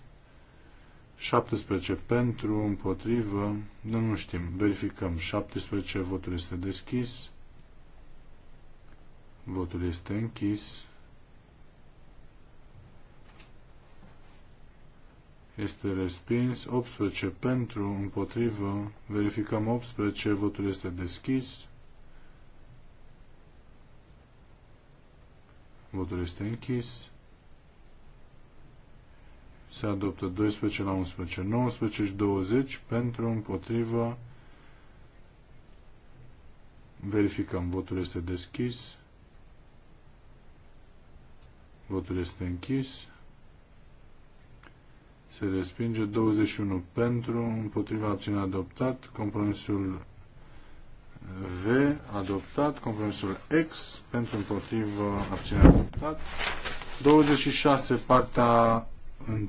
17 pentru, împotrivă, nu, nu știm. Verificăm. 17, votul este deschis. Votul este închis. Este respins. 18 pentru, împotrivă. Verificăm 18. Votul este deschis. Votul este închis. Se adoptă 12 la 11, 19 și 20 pentru, împotrivă. Verificăm. Votul este deschis. Votul este închis. Se respinge 21 pentru, împotriva abține adoptat, compromisul V adoptat, compromisul X pentru împotriva abține adoptat. 26 partea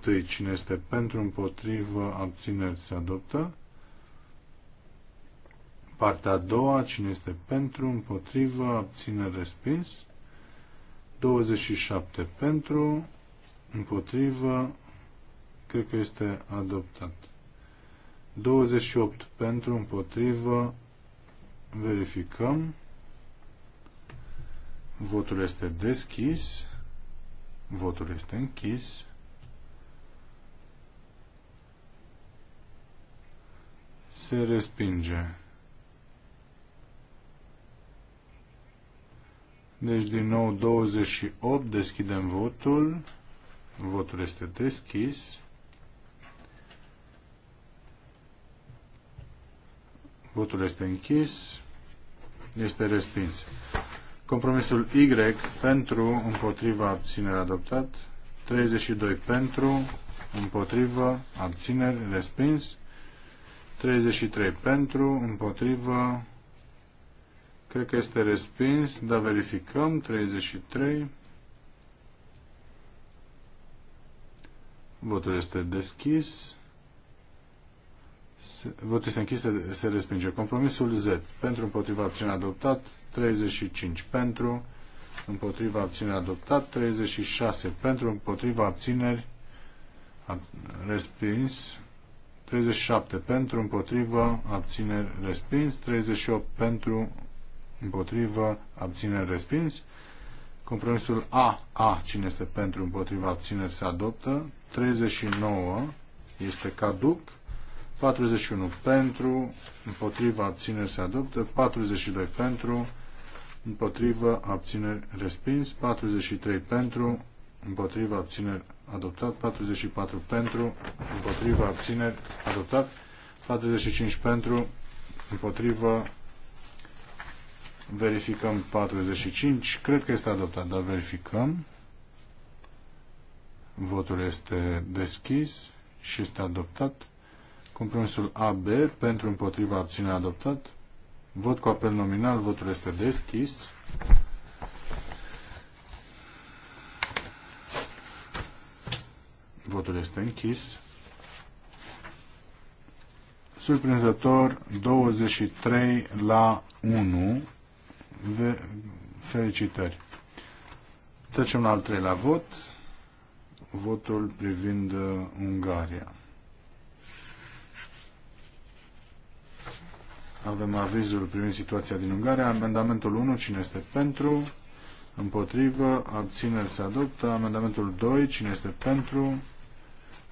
1 cine este pentru, împotriva abțineri se adoptă. Partea a doua, cine este pentru, împotriva abțineri respins. 27 pentru, împotrivă, cred că este adoptat. 28 pentru, împotrivă, verificăm. Votul este deschis. Votul este închis. Se respinge. Deci din nou 28 deschidem votul. Votul este deschis. Votul este închis. Este respins. Compromisul Y pentru, împotriva, abținere adoptat. 32 pentru, împotriva abțineri, respins. 33 pentru, împotriva Cred că este respins, dar verificăm. 33. Votul este deschis. Votul este închis, se, respinge. Compromisul Z. Pentru împotriva abținere adoptat, 35 pentru, împotriva abținere adoptat, 36 pentru, împotriva abțineri respins, 37 pentru, împotriva abțineri respins, 38 pentru, împotrivă, abțineri, respins. Compromisul A, A, cine este pentru, împotrivă, abțineri, se adoptă. 39 este caduc. 41 pentru, împotriva abțineri se adoptă, 42 pentru, împotriva abțineri respins, 43 pentru, împotriva abțineri adoptat, 44 pentru, împotriva abțineri adoptat, 45 pentru, împotriva Verificăm 45. Cred că este adoptat, dar verificăm. Votul este deschis și este adoptat. Compromisul AB pentru împotriva abținere adoptat. Vot cu apel nominal, votul este deschis. Votul este închis. Surprinzător, 23 la 1 Felicitări. Trecem la al treilea vot. Votul privind uh, Ungaria. Avem avizul privind situația din Ungaria. Amendamentul 1, cine este pentru? Împotrivă, abțineri se adoptă. Amendamentul 2, cine este pentru?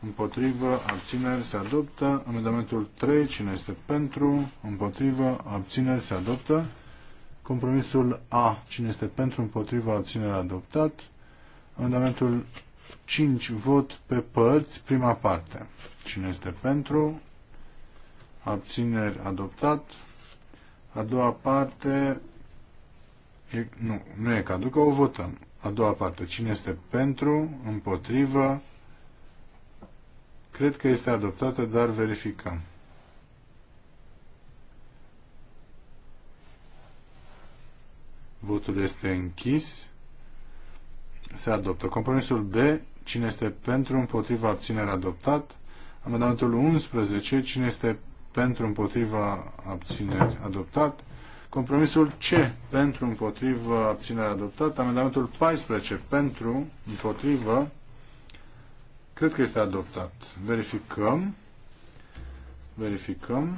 Împotrivă, abțineri se adoptă. Amendamentul 3, cine este pentru? Împotrivă, abțineri se adoptă. Compromisul A. Cine este pentru, împotriva, abținere adoptat. Amendamentul 5. Vot pe părți. Prima parte. Cine este pentru, abțineri adoptat. A doua parte. E, nu, nu e caducă, o votăm. A doua parte. Cine este pentru, împotrivă, Cred că este adoptată, dar verificăm. Votul este închis. Se adoptă. Compromisul B. Cine este pentru, împotriva, abținere, adoptat. Amendamentul 11. Cine este pentru, împotriva, abținere, adoptat. Compromisul C. Pentru, împotriva, abținere, adoptat. Amendamentul 14. Pentru, împotriva, cred că este adoptat. Verificăm. Verificăm.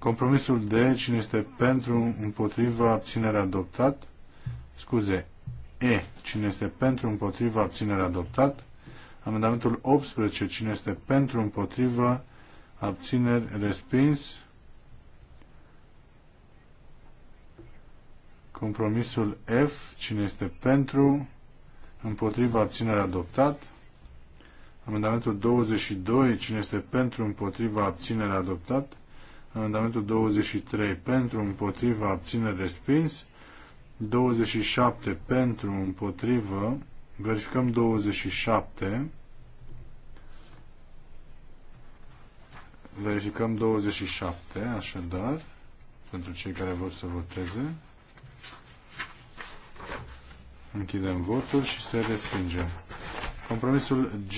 Compromisul D, cine este pentru, împotriva, abținere adoptat. Scuze, E, cine este pentru, împotriva, abținere adoptat. Amendamentul 18, cine este pentru, împotriva, abțineri, respins. Compromisul F, cine este pentru, împotriva, abținere adoptat. Amendamentul 22, cine este pentru, împotriva, abținere adoptat. Amendamentul 23 pentru, împotriva abține respins. 27 pentru, împotrivă. Verificăm 27. Verificăm 27, așadar, pentru cei care vor să voteze. Închidem votul și se respinge. Compromisul G,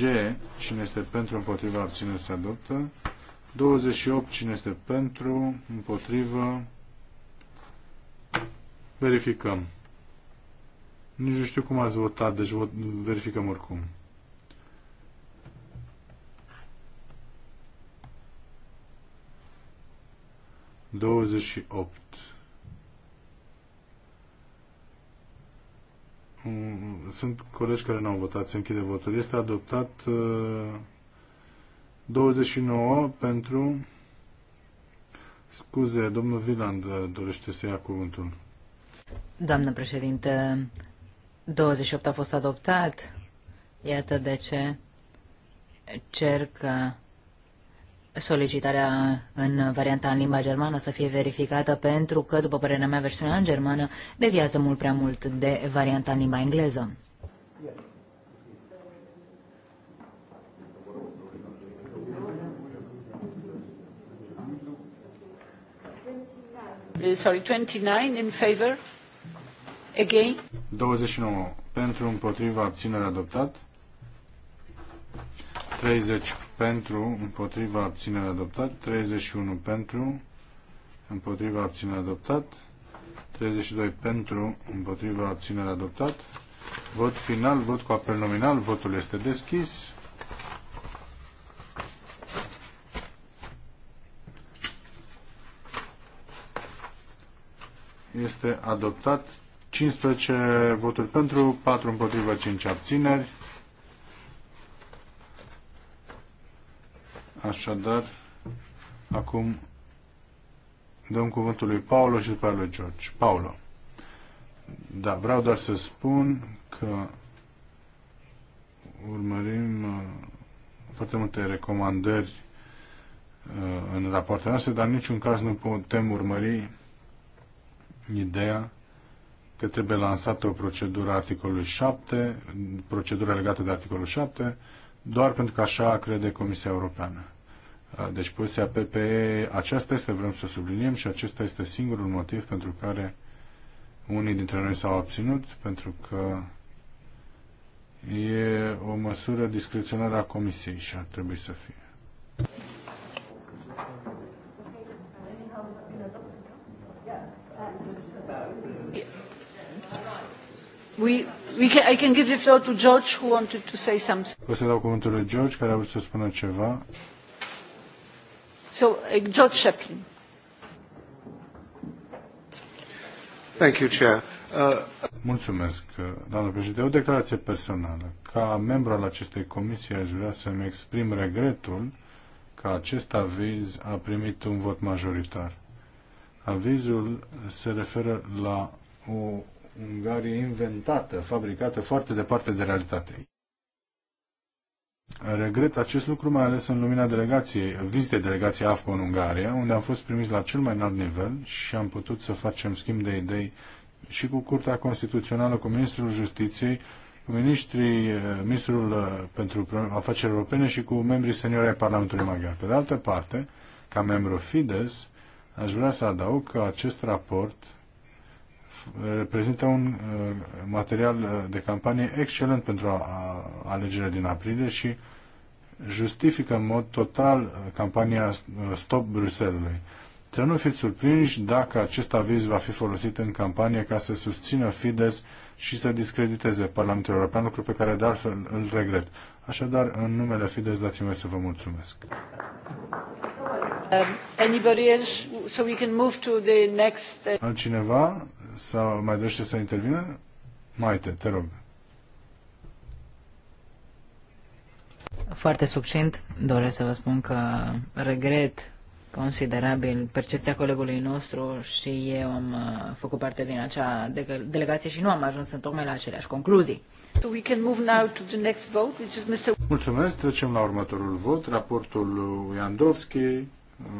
cine este pentru, împotriva, abține, se adoptă. 28. Cine este pentru? Împotrivă? Verificăm. Nici nu știu cum ați votat, deci vot, verificăm oricum. Douăzeci și opt. Mm, sunt colegi care n-au votat, se închide votul. Este adoptat uh, 29 pentru... Scuze, domnul Viland uh, dorește să ia cuvântul. Doamnă președinte, 28 a fost adoptat. Iată de ce cer că solicitarea în varianta în limba germană să fie verificată pentru că, după părerea mea, versiunea în germană deviază mult prea mult de varianta în limba engleză. Yeah. Uh, sorry, 29 in favor, again. 29 pentru, împotriva, abținere adoptat. 30 pentru, împotriva, abținere adoptat. 31 pentru, împotriva, abținere adoptat. 32 pentru, împotriva, abținere adoptat. Vot final, vot cu apel nominal, votul este deschis. este adoptat. 15 voturi pentru, 4 împotrivă, 5 abțineri. Așadar, acum dăm cuvântul lui Paolo și după lui George. Paolo, Da, vreau doar să spun că urmărim uh, foarte multe recomandări uh, în rapoartele noastre, dar în niciun caz nu putem urmări ideea că trebuie lansată o procedură articolului 7, procedură legată de articolul 7, doar pentru că așa crede Comisia Europeană. Deci poziția PPE, aceasta este, vrem să subliniem, și acesta este singurul motiv pentru care unii dintre noi s-au abținut, pentru că e o măsură discreționară a Comisiei și ar trebui să fie. I can give the floor to George who wanted to say something. O să dau cuvântul lui George care a vrut să spună ceva. So, uh, George Shepin. Thank you, Chair. Uh... Mulțumesc, uh, doamnă președinte. O declarație personală. Ca membru al acestei comisii aș vrea să-mi exprim regretul că acest aviz a primit un vot majoritar. Avizul se referă la o Ungarie inventată, fabricată foarte departe de realitate. Regret acest lucru, mai ales în lumina delegației, vizite delegației AFCO în Ungaria, unde am fost primiți la cel mai înalt nivel și am putut să facem schimb de idei și cu Curtea Constituțională, cu Ministrul Justiției, cu ministrii, eh, Ministrul eh, pentru Afaceri Europene și cu membrii seniori ai Parlamentului Maghiar. Pe de altă parte, ca membru Fides, aș vrea să adaug că acest raport reprezintă un uh, material uh, de campanie excelent pentru alegerile din aprilie și justifică în mod total uh, campania Stop Bruxelles. Să nu fiți surprinși dacă acest aviz va fi folosit în campanie ca să susțină Fidesz și să discrediteze Parlamentul European, lucru pe care de altfel îl regret. Așadar, în numele Fidesz, dați-mi să vă mulțumesc. Um, anybody else? So we can move to the next... Altcineva? sau mai dorește să intervină? Maite, te rog. Foarte succint, doresc să vă spun că regret considerabil percepția colegului nostru și eu am uh, făcut parte din acea delegație și nu am ajuns în tocmai la aceleași concluzii. So we can move now to the next vote, which is Mr. Mulțumesc, trecem la următorul vot, raportul Iandovski,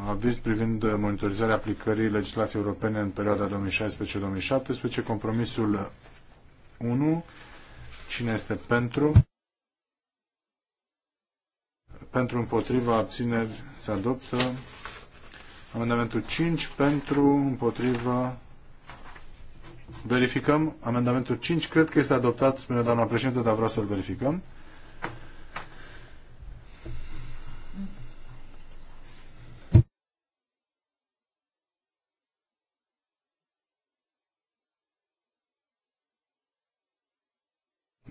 aviz privind monitorizarea aplicării legislației europene în perioada 2016-2017, compromisul 1, cine este pentru, pentru împotriva abțineri se adoptă, amendamentul 5, pentru împotriva Verificăm amendamentul 5. Cred că este adoptat, spune doamna președinte, dar vreau să-l verificăm.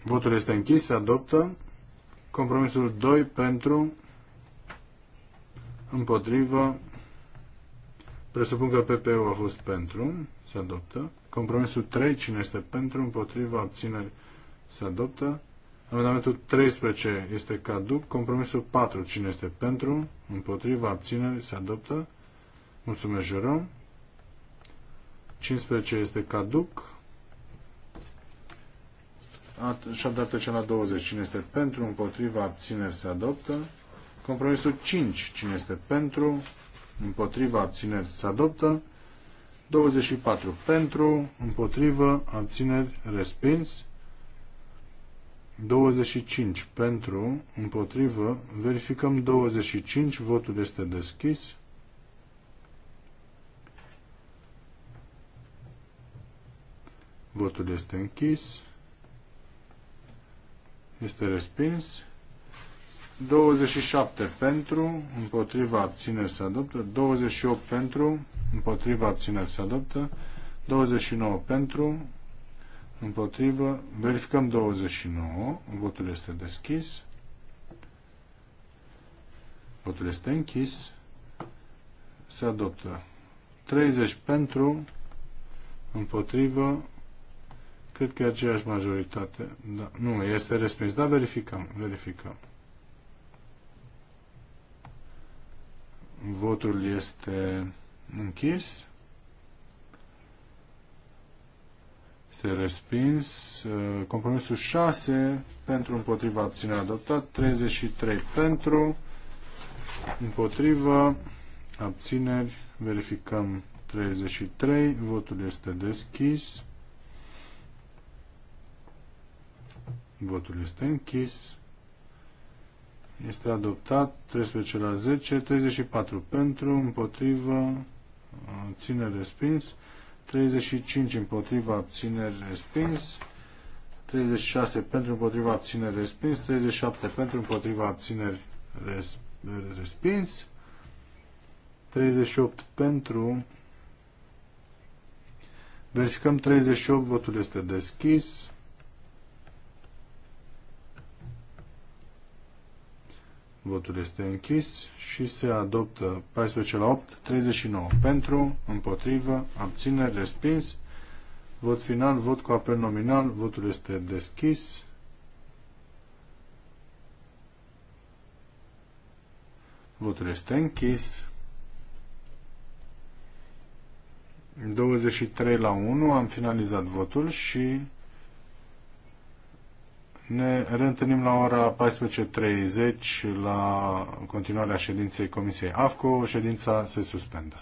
Votul este închis, se adoptă. Compromisul 2 pentru, împotrivă, presupun că PPU a fost pentru, se adoptă. Compromisul 3, cine este pentru, împotrivă, abțineri, se adoptă. Amendamentul 13 este caduc. Compromisul 4, cine este pentru, împotrivă, abțineri, se adoptă. Mulțumesc, jurăm. 15 este caduc și a dat la 20. Cine este pentru, împotriva, abțineri se adoptă. Compromisul 5. Cine este pentru, împotriva, abțineri se adoptă. 24 pentru, împotrivă, abțineri, respins. 25 pentru, împotrivă, verificăm 25, votul este deschis. Votul este închis. Este respins. 27 pentru, împotriva abțineri se adoptă. 28 pentru, împotriva abțineri se adoptă. 29 pentru, împotrivă. Verificăm 29. Votul este deschis. Votul este închis. Se adoptă. 30 pentru, împotrivă, Cred că e aceeași majoritate. Da. Nu, este respins. Da, verificăm. Verificăm. Votul este închis. Este respins. Compromisul 6 pentru împotriva abținere adoptat. 33 pentru împotriva abțineri. Verificăm 33. Votul este deschis. Votul este închis. Este adoptat 13 la 10, 34 pentru, împotrivă, ține respins, 35 împotriva, abține respins, 36 pentru, împotriva, abține respins, 37 pentru, împotriva, abține respins, 38 pentru, verificăm 38, votul este deschis, Votul este închis și se adoptă 14 la 8, 39 pentru, împotrivă, abțineri, respins. Vot final, vot cu apel nominal, votul este deschis. Votul este închis. 23 la 1 am finalizat votul și ne reîntâlnim la ora 14.30 la continuarea ședinței Comisiei AFCO. Ședința se suspendă.